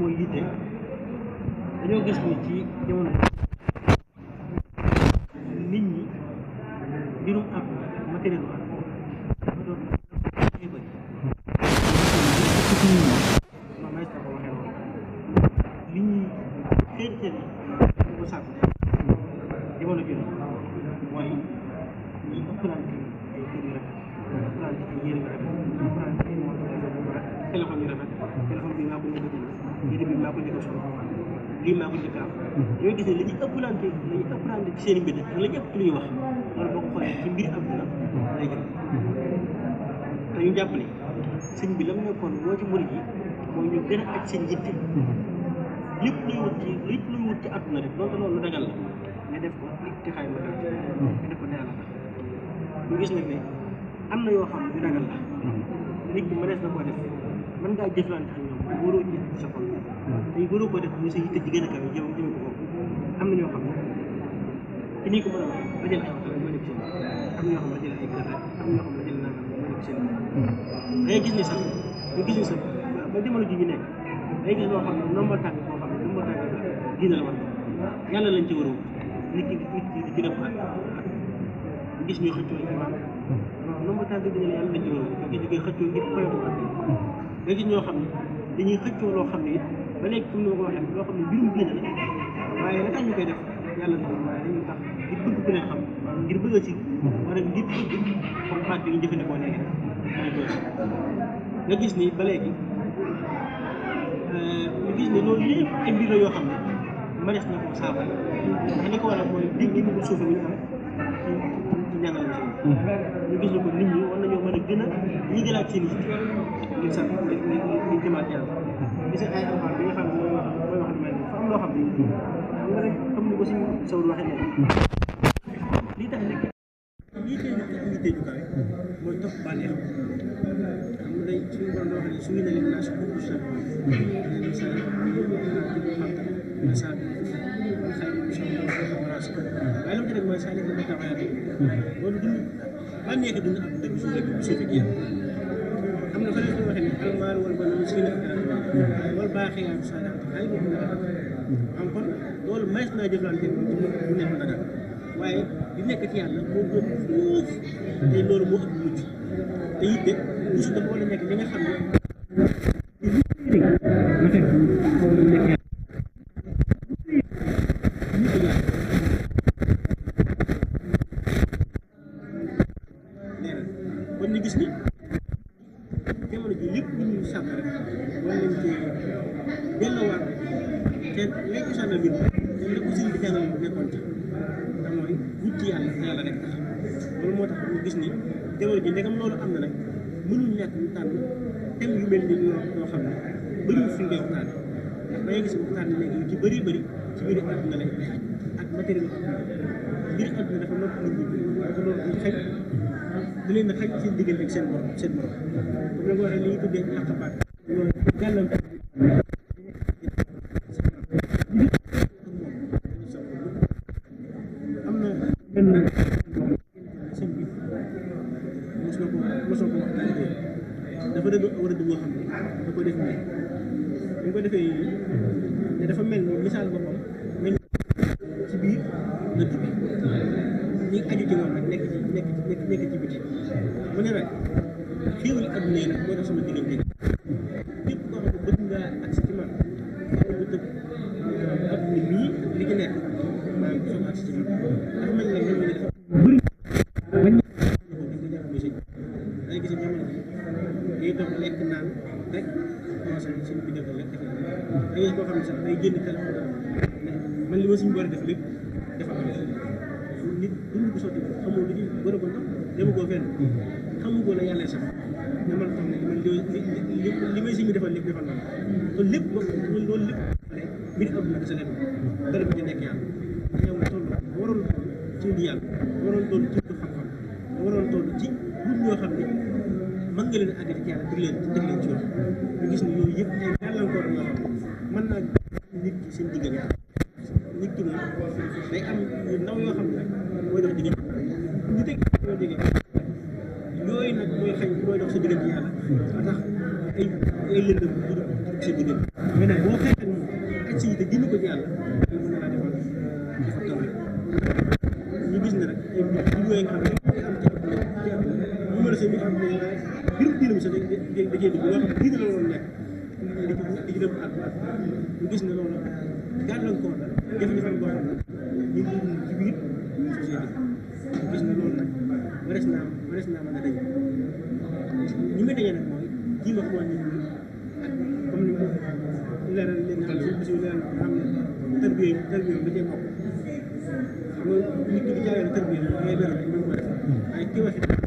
mooy yitte dañoo gis ni ci jamono nit ñi mbirum ak matériel ñoo gis ne li ñuy ëppalante la ñuy ëppalante ci seen mbir la ñu ëpp lu ñuy wax loolu boo ko xoolee ci mbir àdduna lay jëm te ñu jàpp ne sëñ bi la mu nekkoon moo ci murid yi mooy ñu gën a aj seen njiit lépp luy wut ci lépp luy wut ci àdduna rek loolu loolu lu dagal la nga def ko li ci xayma nga def ko ne yàlla tax ñu gis nag ne am na yoo xam ne lu dagal la nit ñi mënees na koo def mën ngaa jëflante ak ñoom waroo jëf sa xol Mm. tey waroo ko def muy sa yitte ji gën a kawe jëm jëm ko am na ñoo xam ne ci nii ko mën a wax ba jël ay waxtaan ma nekk seen am na ñoo xam ne jël ay gàllaaj am na ñoo xam ne jël naa ma nekk seen day gis ni sax ñu gis ni sax ba jamono ji ñu nekk day gis loo xam ne nombre tàgg boo xam ne nombre tàgg dina la wax yàlla lañ ci waroo nit ki nit ki di gën a faat gis ñuy xëccoo ay imaam nombre tàgg dina la yàlla lañ ci waroo nga gis ñu koy xëccoo ngir koy mm. nga gis ñoo xam ne dañuy xëccoo loo xam ne it ba léegi comme ni ma xam ne mbirum diine waaye la tax ñu koy def yàlla ngir bëgg ku leen xam ngir bëgg a si wala ngir bëgg comme baat jëfandikoo léegi nga gis ni ba léegi euh, nga gis ni loolu yëpp ay mbir la yoo xam ne mënees na ko saafara ndax li ko waral mooy dégg nga ko suuf bi ñu am ci ñu mm-hmm. gis ni ko nit ñi war nañoo mën a gën a ñi gëlaat seen yitte ngir sax ngir jëmaat yàlla gis ay alxuraan bi nga xam ne mooy wax mooy wax lu mel nii fa am loo xam ne xam nga rek comme ni ko suñu sawul waxee léegi lii tax rek lii xëy na tax ñu tëju kawe mooy topp bànneex xam nga day suñu borom doo xam ne suñu nalee naa su bokk sa sa sa waaye lu mu rek mooy saa yi dama taxawaat loolu du bànneex dund ak dëgg su rek su fekkee loolu mais naa jëflante mu neex dara waaye di nekk ci yàlla moo gën fuuf te loolu moo ëpp mujj te it de toujours dafa war a nekk li nga xam ne seen borom comme li ñu ko def nii dañ ko defee te dafa mel ni misaal boppam mel ci biir dëkk bi ñi aju ci moom nekk ci nekk ci nekk mu ne rek quiero el eh, bueno, eso me que pour leen pour leen ci wax ñu gis ne yooyu yëpp ay gàllankoor la jafe-jafe la ñu ci biir gis na loolu nag warees naa warees naa mën a daje ñi nga daje nag mooy ji wax waa nit ñi comme ni ko leeral li nga xam ne aussi leeral xam ne tarbiya tarbiya da cee bokk xam nga nit ki di jaayoo tarbiya da ngay beral rek mën ko def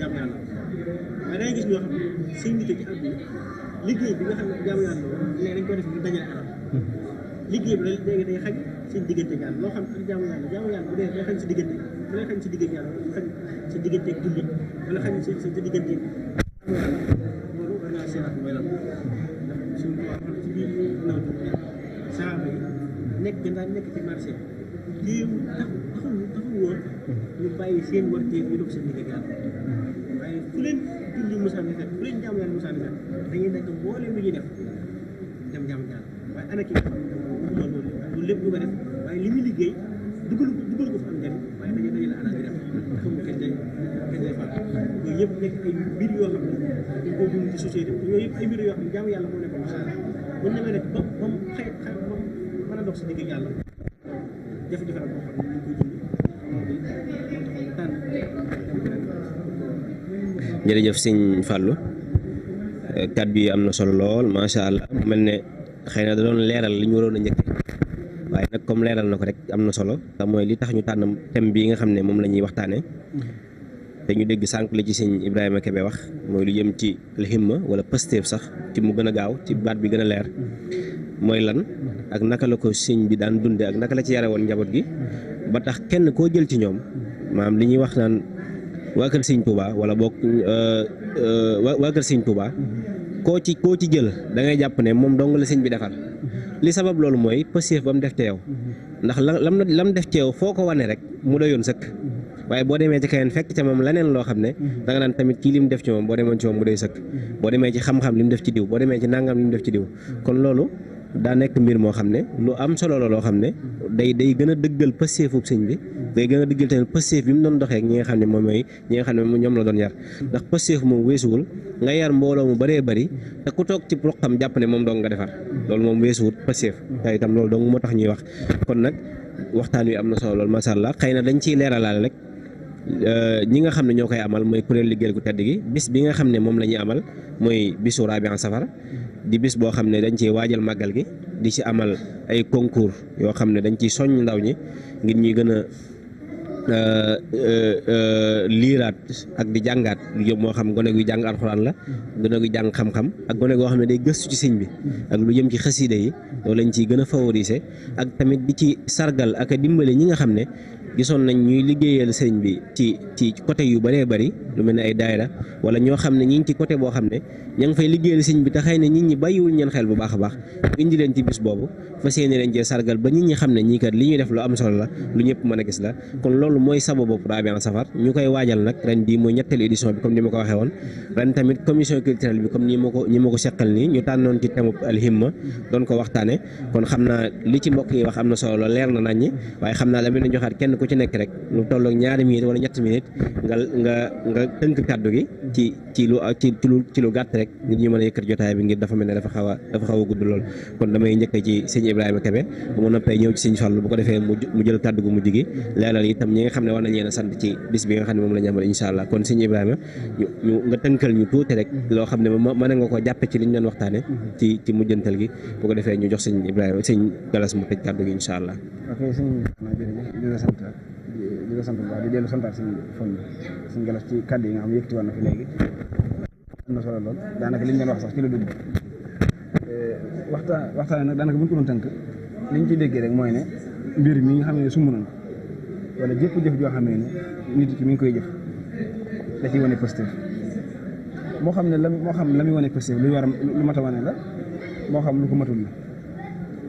jàmm yàlla waaye da ngay gis ñoo xam ne seen liggéey ci at bi liggéey bi nga xam ne jàmm yàlla léegi dañ koy def ñu dajale alal liggéey bi léegi day xañ seen diggante ak yàlla loo xam ne ak jàmm yàlla jàmm yàlla bu dee day xañ si diggante da lay xañ ñu bàyyi seen wartee ñu def seen liggéey yàlla waaye fu leen jaamu yàlla musaani nekk mboolem lu ñuy def dem jaamu yàlla waaye ana ki waxuma loolu loolu liggéey dugal ko dugal ko fa am njëriñ waaye dañuy dajale nekk ay yoo xam ne dañ koo dund ci société yooyu yëpp yoo xam ne jaamu yàlla moo nekk musaani bu ñu si liggéey yàlla jafe-jafe jëf sëñ Fallou kàddu yi am na solo lool macha allah mel ne xëy na da doon leeral li ñu waroon a njëkk waaye nag comme leeral na ko rek am na solo te mooy li tax ñu tànn thème bii nga xam ne moom la ñuy waxtaanee te ñu dégg sànq la ci sëñ Ibrahima Kebe wax mooy lu jëm ci alhimma wala Pastef sax ci mu gën gaaw ci baat bi gën a leer mooy lan ak naka la ko sëñ bi daan dunde ak naka la ci yare woon njaboot gi ba tax kenn koo jël ci ñoom maanaam waa kër Sëñ Touba wala boog euh, euh, waa kër Sëñ Touba koo ci koo ci jël dangay jàpp ne moom dong la bi defar li sabab loolu mooy positif ba mu def teew ndax la lam lam def ceew foo ko wane rek mu yoon sëkk waaye boo demee ci kay keneen fekk ca moom leneen loo xam ne da nga naan tamit kii li mu def ci moom boo demoon ci moom mu demee ci xam-xam li mu def ci diw boo demee ci nangam li mu def ci diw kon loolu daa nekk mbir moo xam ne lu am solo la loo xam ne day day gën a dëggal pësteefub sëñ bi day gën a diggalteel ne moom mooy ñi nga xam ne moom ñoom la doon yar ndax Pastef moom weesuwul nga yar mbooloo mu bëree ci moom dong nga defar loolu moom weesuwul Pastef te itam loolu moo tax wax kon nag waxtaan wi am na solo lool macha xëy na dañ ciy leeralaal rek euh, ñi nga xam ne ñoo koy amal mooy kuréel liggéeyal ku tedd gi bis bi nga xam ne moom la ñuy amal mooy bisu Rabian Safar di bis boo xam ne dañ ciy waajal màggal gi di ci amal ay concours yoo xam ne dañ ciy soññ ndaw ñi ngir ñuy gën Euh, euh, euh, liiraat ak di jàngaat lu jëm moo xam gone gu jàng alxuraan la gone gu jàng xam-xam ak gone goo xam ne day gëstu ci sëñ bi ak lu jëm ci xasida yi loolu lañ ciy gën a favoriser ak tamit di ci sargal ak a dimbale ñi nga xam ne gisoon nañ ñuy liggéeyal sëriñ bi ci ci yu bëree bëri lu mel ne ay daayira wala ñoo xam ne ñi ngi ci côté boo xam ne ña ngi fay liggéeyal sëriñ bi te xëy na nit ñi bàyyiwul ñeen xel bu baax a baax indi leen ci bis boobu fa seeni leen sargal ba nit ñi xam ne ñii kat li ñuy def lu am solo la lu ñëpp mën a gis la kon loolu mooy sababu Rabian Safar ñu koy waajal nag ren di mooy ñetteelu édition bi comme ni ma ko waxee woon ren tamit commission culturelle ñu tànnoon ci thème alhimma doon ko waxtaane kon xam naa li ci yi wax am na solo leer na nañ ñi ku ci nekk rek lu tollook ñaari minute wala ñetti minute nga nga nga tënk kàddu gi ci lu gàtt rek ngir ñu mën a yëkkat jotaay bi ngir dafa mel ne dafa xaw xaw a gudd lool kon damay njëkkee ci sëñ Ibrahima Kebe bu ma noppee ñëw ci sëñ Fall bu ko defee mu jël kàddu gu mujj gi leeral itam ñi nga xam ne war nañ leen a sant ci bis bi nga xam ne moom la ñu amal incha allah kon sëñ Ibrahima ñu nga tënkal ñu tuuti rek loo xam ne ma mën nga ko jàppe ci liñ doon waxtaane ci ci mujjantal gi bu ko defee ñu jox sëñ Ibrahima sëñ Galas mu tëj kàddu gi incha allah di ko sant bu baax di dellu santaat suñu fon suñu gelas ci kàddu yi nga xam ne yëkkati woon na fi léegi na solo lool daanaka liñ ñu doon wax sax ci la dugg eh, waxtaan waxtaan nag daanaka bu ñu ko doon tënk liñ ci déggee rek mooy ne mbir mi nga xam ne sumb nañ ko wala jëpp jëf joo xam ne ne nit ki mi ngi koy jëf da ciy wane positif moo xam ne la moo xam la muy wane positif lu war lu mat a wane la moo xam lu ko matul la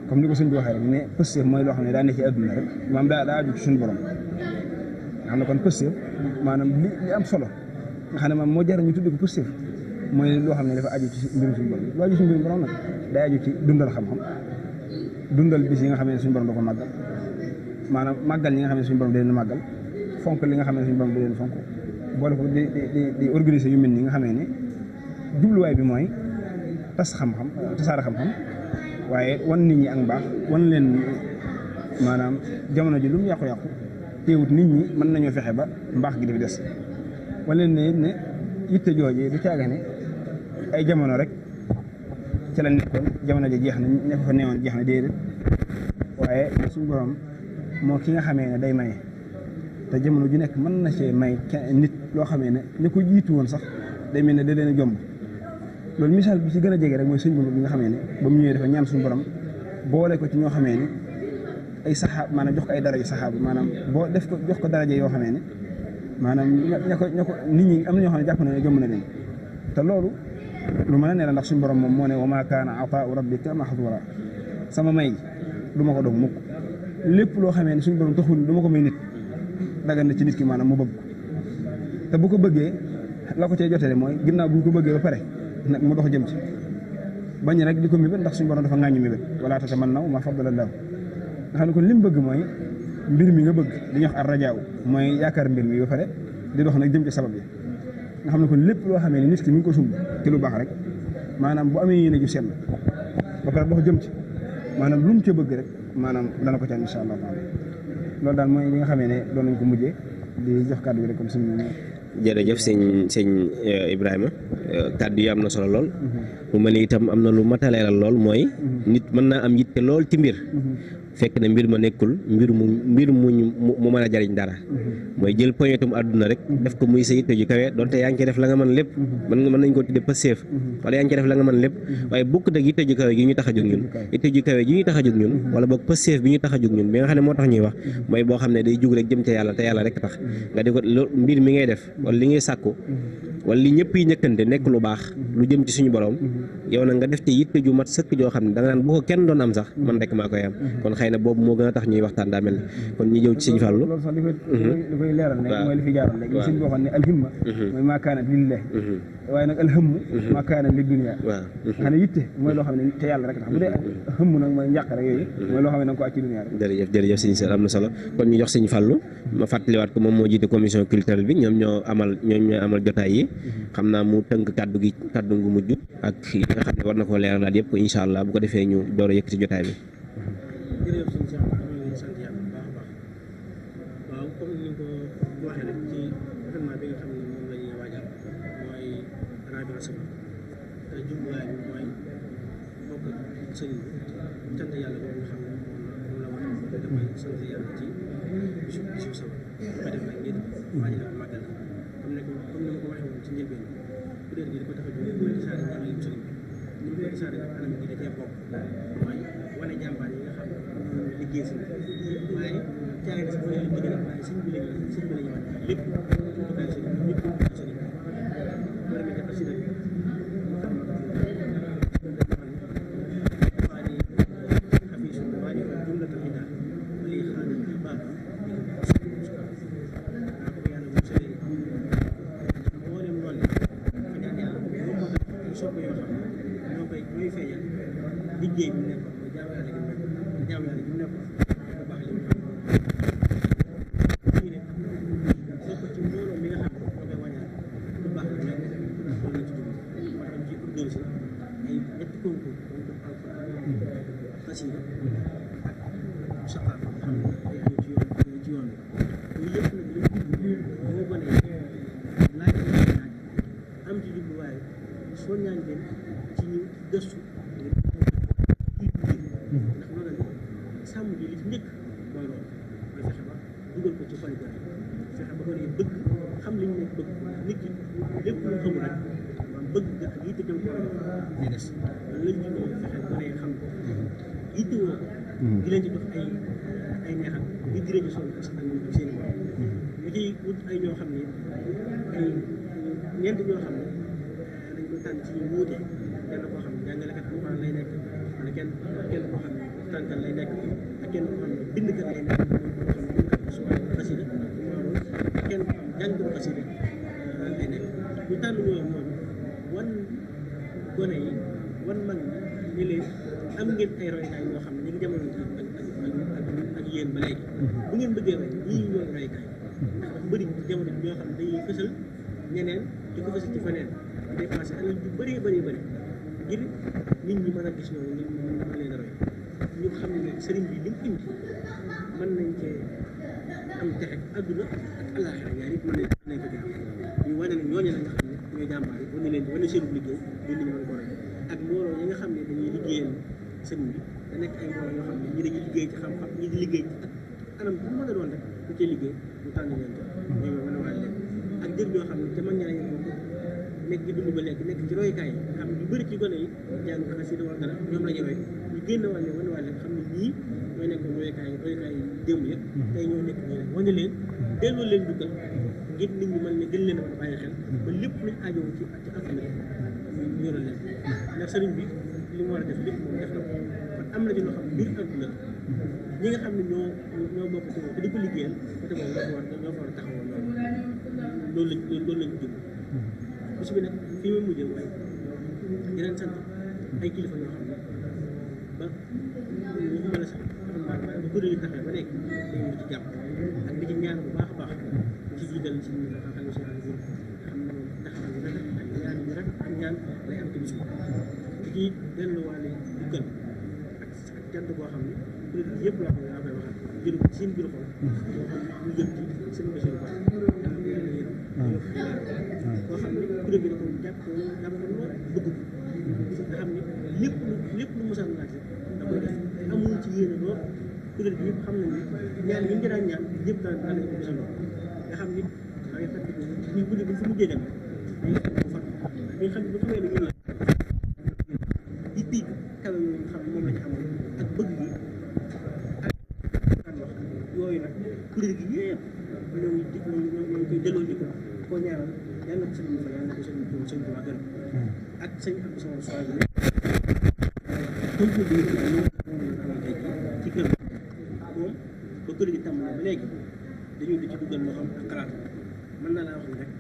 comme ni ko sëñ bi waxee rek ne pëstéef mooy loo xam ne daa nekk ci adduna rek maanaam daa daa aju borom nga xam ne kon pëstéef maanaam am solo nga xam ne maanaam moo jar ñu tudd ko mooy loo xam ne dafa aju ci mbirum suñu borom lu aju ci borom nag day aju dundal xam-xam dundal bis yi nga xam ne suñ borom da ko màggal maanaam màggal yi nga xam ne suñu borom da leen màggal fonk li nga xam ne suñu borom da leen fonk boole ko di di di yu mel ni nga xam ne jubluwaay bi mooy tas xam-xam tasaare xam-xam waaye wan nit ñi ak mbaax wan leen maanaam jamono ji lu mu yàqu-yàqu teewut nit ñi mën nañoo fexe ba mbaax gi dafi des wan leen ne ne itte jooju du caaga ne ay jamono rek ca la nekkoon jamono ji jeex na nekk fa neewoon jeex na déedéet waaye suñu borom moo ki nga xamee ne day maye te jamono ju nekk mën na see may nit loo xamee ne ñu ko jiitu woon sax day mel ne da leen a jomb loolu misaal bi ci gën a jege rek mooy sëñ bu bi nga xamee ne ba mu ñëwee dafa ñaan suñu borom boole ko ci ñoo xamee ne ay saxaab maanaam jox ko ay daraja saxaabu maanaam boo def ko jox ko daraja yoo xamee ne maanaam ña ko ña ko nit ñi am na ñoo xam ne jàpp na ne jomm na leen te loolu lu mën a ne ndax suñu borom moom moo ne wa maa kaana ataau rabbika mahduura sama may du ma ko dog mukk lépp loo xamee ne suñu borom taxul du ma ko may nit dagan na ci nit ki maanaam mu bëgg te bu ko bëggee la ko cee jotee mooy ginnaaw bu ko bëggee ba pare nag mu dox jëm ci bañ rek di ko mébét ndax suñu borom dafa ŋàññi mébét wala ta man naw ma faddala law nga xam ne kon li mu bëgg mooy mbir mi nga bëgg li ñuy wax ar rajaaw mooy yaakaar mbir mi ba pare di dox nag jëm ci sabab yi nga xam ne kon lépp loo xamee ne nit ki mi ngi ko sumb ci lu baax rek maanaam bu amee yéene ju sell ba pare dox jëm ci lu mu bëgg rek dana ko li nga ne nañ ko di jox rek suñu jërëjëf eh, Ibrahima kàddu yi am na solo lool mm-hmm. mu mel ni itam am na lu mataleelal lool mooy mm-hmm. nit mën naa am yitte lool ci mbir mm-hmm. fekk ne mbir ma nekkul mbir mu mbir mu mu mën jariñ dara moy mhm. jël poñetum aduna rek def ko muy sa ju kawe donte yaa def la nga man lepp man mhm. nga man nañ ko pas passeef mhm. wala yaa def la nga man lepp waye bukk ak gi ju kawé gi ñu taxaju ñun yitte ju kawe gi ñu taxaju ñun wala pas passeef bi ñu taxaju ñun bi nga xamné mo tax ñuy wax moy bo xamné day jug rek jëm ci yalla te yalla rek tax nga diko mbir mi ngay def wala li ngay sakku wala li ñepp yi ñëkënde nekk lu baax lu jëm ci suñu borom yow na nga def te yitte ju mat sëkk jo xamné da nga nan bu ko kenn doon am sax man rek maa koy am kon xeyna bobu mo gëna tax ñuy waxtaan da mel kon ñi jëw ci sëñ fallu loolu sax li fay leral mhm. ne moy li fi jaaroon léegi sëñ waxoon ne alhimma ma mhm. kana lillah mhm. waaye nak alhamm maakaana li dunia waaw xam xana yitte moy lo xam te yalla rek tax bu de hëmm nak moy ñak rek yoy moy lo xam nang ko acci dunya dunia rek jërëjëf jërëjëf sëñ Sall am na solo kon ñu jox sëñ fallu ma fatali wat ko mom mo jiite commission culturelle bi ñom ñoo amal ñom ñoo amal jotaay yi xamna mu teunk kaddu gi kaddu ngu mujju ak yi nga xam war nako leral leeralaat yëpp inshallah bu ko defee ñu door a yëkkati jotaay bi nghiệp sinh sản mình sản thiện ba ba ba có mình có qua hệ định chi hơn mà bây giờ mình muốn là nhiều bây giờ ngoài rai ba sum để giúp lại ngoài có cái sinh chân thì là có hàng là một cái mà sản thiện chi giúp giúp sao bây giờ mình đi bây giờ mà cái hôm nay có hôm nay có hàng chân nhiều bên bây giờ thì có thể có những cái sản những cái sản những cái sản của mình đi theo bọc ngoài wane jàmbaar yi nga liggéey si waaye caaga bi sax li bëgg na waaye sëñ bi lañ Euh, ñeent ñoo xam ne dañ ko tànn ci ñu wuute kenn koo xam ne jàngalekat Alxuraan lay nekk wala kenn kenn xam ne tànkal lay nekk ak kenn koo xam ne bindkat lay nekk koo xam ne euh, ñu tànn ñoo moom wan gone yi wan mag ñi leen am ngeen ay roykaay yoo xam ne ñu ngi jamono ji ak ak ba léegi mm-hmm. bu ngeen bëggee rek ñii ñoo roykaay ndax bëri xam dañuy fësal ñeneen di ko fësal ci feneen di dépensé alal ju bëree bëri bëri ngir nit ñi mën a gis noonu nit ñi mën leen ñu xam ne sëriñ bi liñ indi mën nañ cee am texe àdduna ak àllaaxira ñaar yëpp mën nañ ko ñu wane ne ñooñu la nga xam ne ñooy jàmbaar yi wane leen wane seen liggéey nit ñi mën ko roy yi nga xam ne dañuy liggéeyal sëriñ bi da nekk ay yoo xam ne ñi liggéey ci xam anam bu mën a doon rek ñu cee liggéey ñu tànn leen ko ñoom mën a ak jëf yoo xam ne te mag ñi lañu bokk nekk ci dund ba léegi nekk ci royukaay yi xam ne ñu bëri ci gone yi jàng xasida wala ñoom la ñu roy ñu génn wàlle wane xam ne ñii ñooy nekk royukaay yi royukaay yi démb yëpp mhm. tey ñoo nekk ñoo nekk wane leen mhm. delloo leen dugal mhm. ngir nit ñi mën ne gën leen a bàyyi xel ba lépp luñ ajoo ci ci àdduna ñu yoroon leen bi li mu war a def moom def na ko kon na ci loo xam ne biir àdduna ñi nga ñoo ñoo bokk ci ko liggéeyal côté boobu ñoo ko war ñoo loolu lañ loolu lañ jëm bés bi nag fii ma mujjee waaye di leen sant ay kilifa yoo xam ne ba waxuma la sax waaye bu kuréel yi taxee ci jàpp ak di ñaan bu baax a baax ci jiital si si ñaan bu rafet ak ñaan lay am ci bis bi di ci delluwaale dukkal ak ak jant boo xam ne xam ne daa koy waxal jël seen biir xol yoo hmm. xam ne ñu jëm ci seen bés yu koo xam ne kuréel bi da ko jàpp jàpp lool bëgg nga xam ne lépp lu lépp lu mosaan laaj da koy def amul ci yéene lool kuréel bi yëpp xam nañ ne ñaan yi ñu daan ñaan yëpp daan daan ko mosaan nga xam ne da ngay fàttali ñu kuréel bi fu mujjee dem dañuy fàttali ko yàlla na ko sëñ Moussa yàlla na ko sëñ sëñ Tuubaa gërëm ak sëñ Abdou Samad Sow bi contribué ci kër moom ba kër gi tàmm na ba léegi dañu di ci duggal loo xam ak xalaat mën naa laa wax rek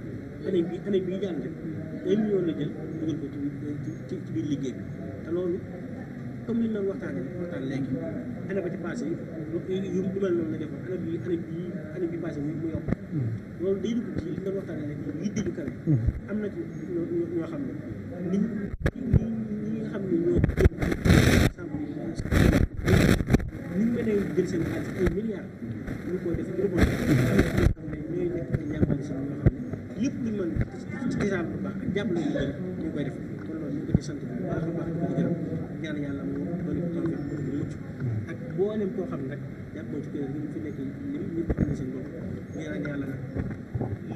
année bi année bi jàll rek un million la jël dugal ko ci ci ci biir liggéey bi te loolu comme li ñu doon waxtaanee waxtaan léegi année ba ci passé yu yu la bi année bi année bi passé mu loolu day dugg ci li nga waxtaan rek yitte ju kawe am na ci ñoo xam ne ni ñi nga xam ne ñoo ni ñu mënee jël seen xaalis ay milliards ñu ko def lu a mm-hmm. am na ñoo xam ne ñooy nekk xam ne lépp lu mën ci gisaan bu baax ak jàpp lañu ñu koy def kon loolu ñu ko ci sant bu baax a baax di gërëm ñaan yàlla mu doon ko tawfeex pour ñu mucc mm-hmm. ak boo leen koo xam ne rek jàpp moo ci kuréel gi ñu fi nekk lim ñu xam ne seen bopp ñaan yàlla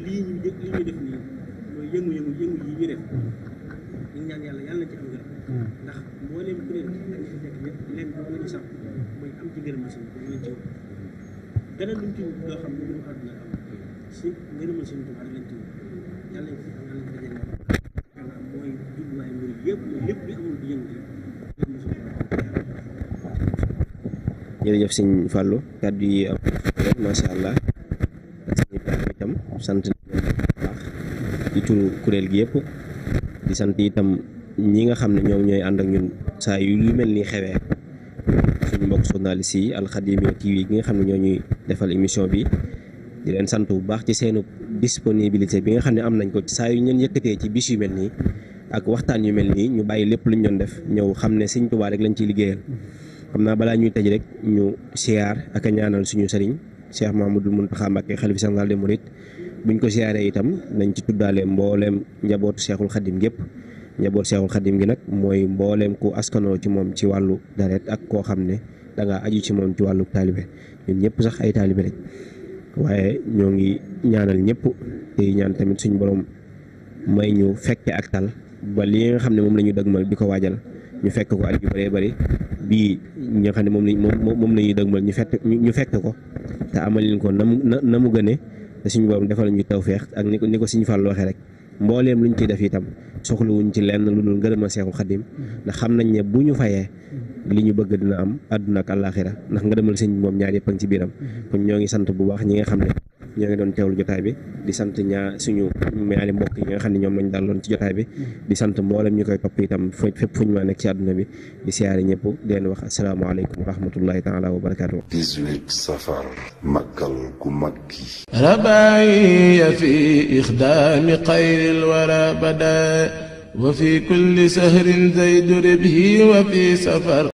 lii ñu jëf ñu def nii mooy yëngu-yëngu yëngu yi ñu def ñu ñaan yàlla yàlla ci am ngërëm ndax ak yëpp leen ba am ci ngërëm ñu ci dara luñ ci loo xam ne ñu àdduna am si ngërëm ci yàlla yàlla yàlla mooy jubluwaay mbir yëpp lépp li amul di yëngu sant baax ci turu kuréel gi yëpp di sant itam ñi nga xam ne ñoom ñooy ànd ak ñun saa yu lu mel ni suñu mbokk journaliste yi Al Khadimiyyah TV gi nga xam ne ñoo ñuy defal émission bi di leen sant bu baax ci seenu disponibilité bi nga xam ne am nañ ko saa yu ñeen yëkkatee ci bis yu ak waxtaan yu mel ñu bàyyi lépp luñ doon def ñëw xam ne Sëriñ Tuubaa rek lañ ciy liggéeyal xam naa balaa ñuy tëj rek ñu siyaar ak a ñaanal suñu sëriñ Cheikh Mamadou Mountakha Mbacké xalifa général des mourides buñ ko siyaaree itam nañ ci tuddaale mbooleem njabootu seexul xaddim gépp njaboot seexul xaddim gi nag mooy mbooleem ku askanoo ci moom ci wàllu daret ak koo xam ne danga aju ci moom ci wàllu taalibe ñun ñëpp sax ay taalibe lañ waaye ñoo ngi ñaanal ñëpp te ñaan tamit suñ boroom may ñu fekkee ak tal ba li nga xam ne moom la ñu dëgmal di ko waajal ñu fekk ko at yu bëree bëri bii ñi ne moom lañ moom la ñuy dëgmal ñu fekk ñu fekk ko te amal leen ko na mu na mu gënee te suñu boobu defal ñu feex ak ni ko ni ko suñu fàllu waxe rek mbooleem luñ ciy def itam soxlu wuñ ci lenn lu dul ngërëmal seexul xadim ndax xam nañ ne bu ñu fayee bëgg dina am aduna ak àllaaxira ndax ngërëmal sëñ moom ñaar yëpp a ci biram kon ñoo ngi sant bu baax ñi nga xam ne ñoo ngi doon tewlu jotaay bi di sant ñaa suñu meali mbokk yi nga xam ne ñoom lañ daloon ci jotaay bi di sant mboolem ñu koy itam fepp fuñu fuñ ci aduna bi di siyaare ñepp di leen wax asalaamaaleykum wa rahmatullahi taala wa barakatuh 18 safar makkal ku makki gi rabaayi ya fi ixdaami qayl wara badaa وفي كل سهر زيد ربه وفي سفر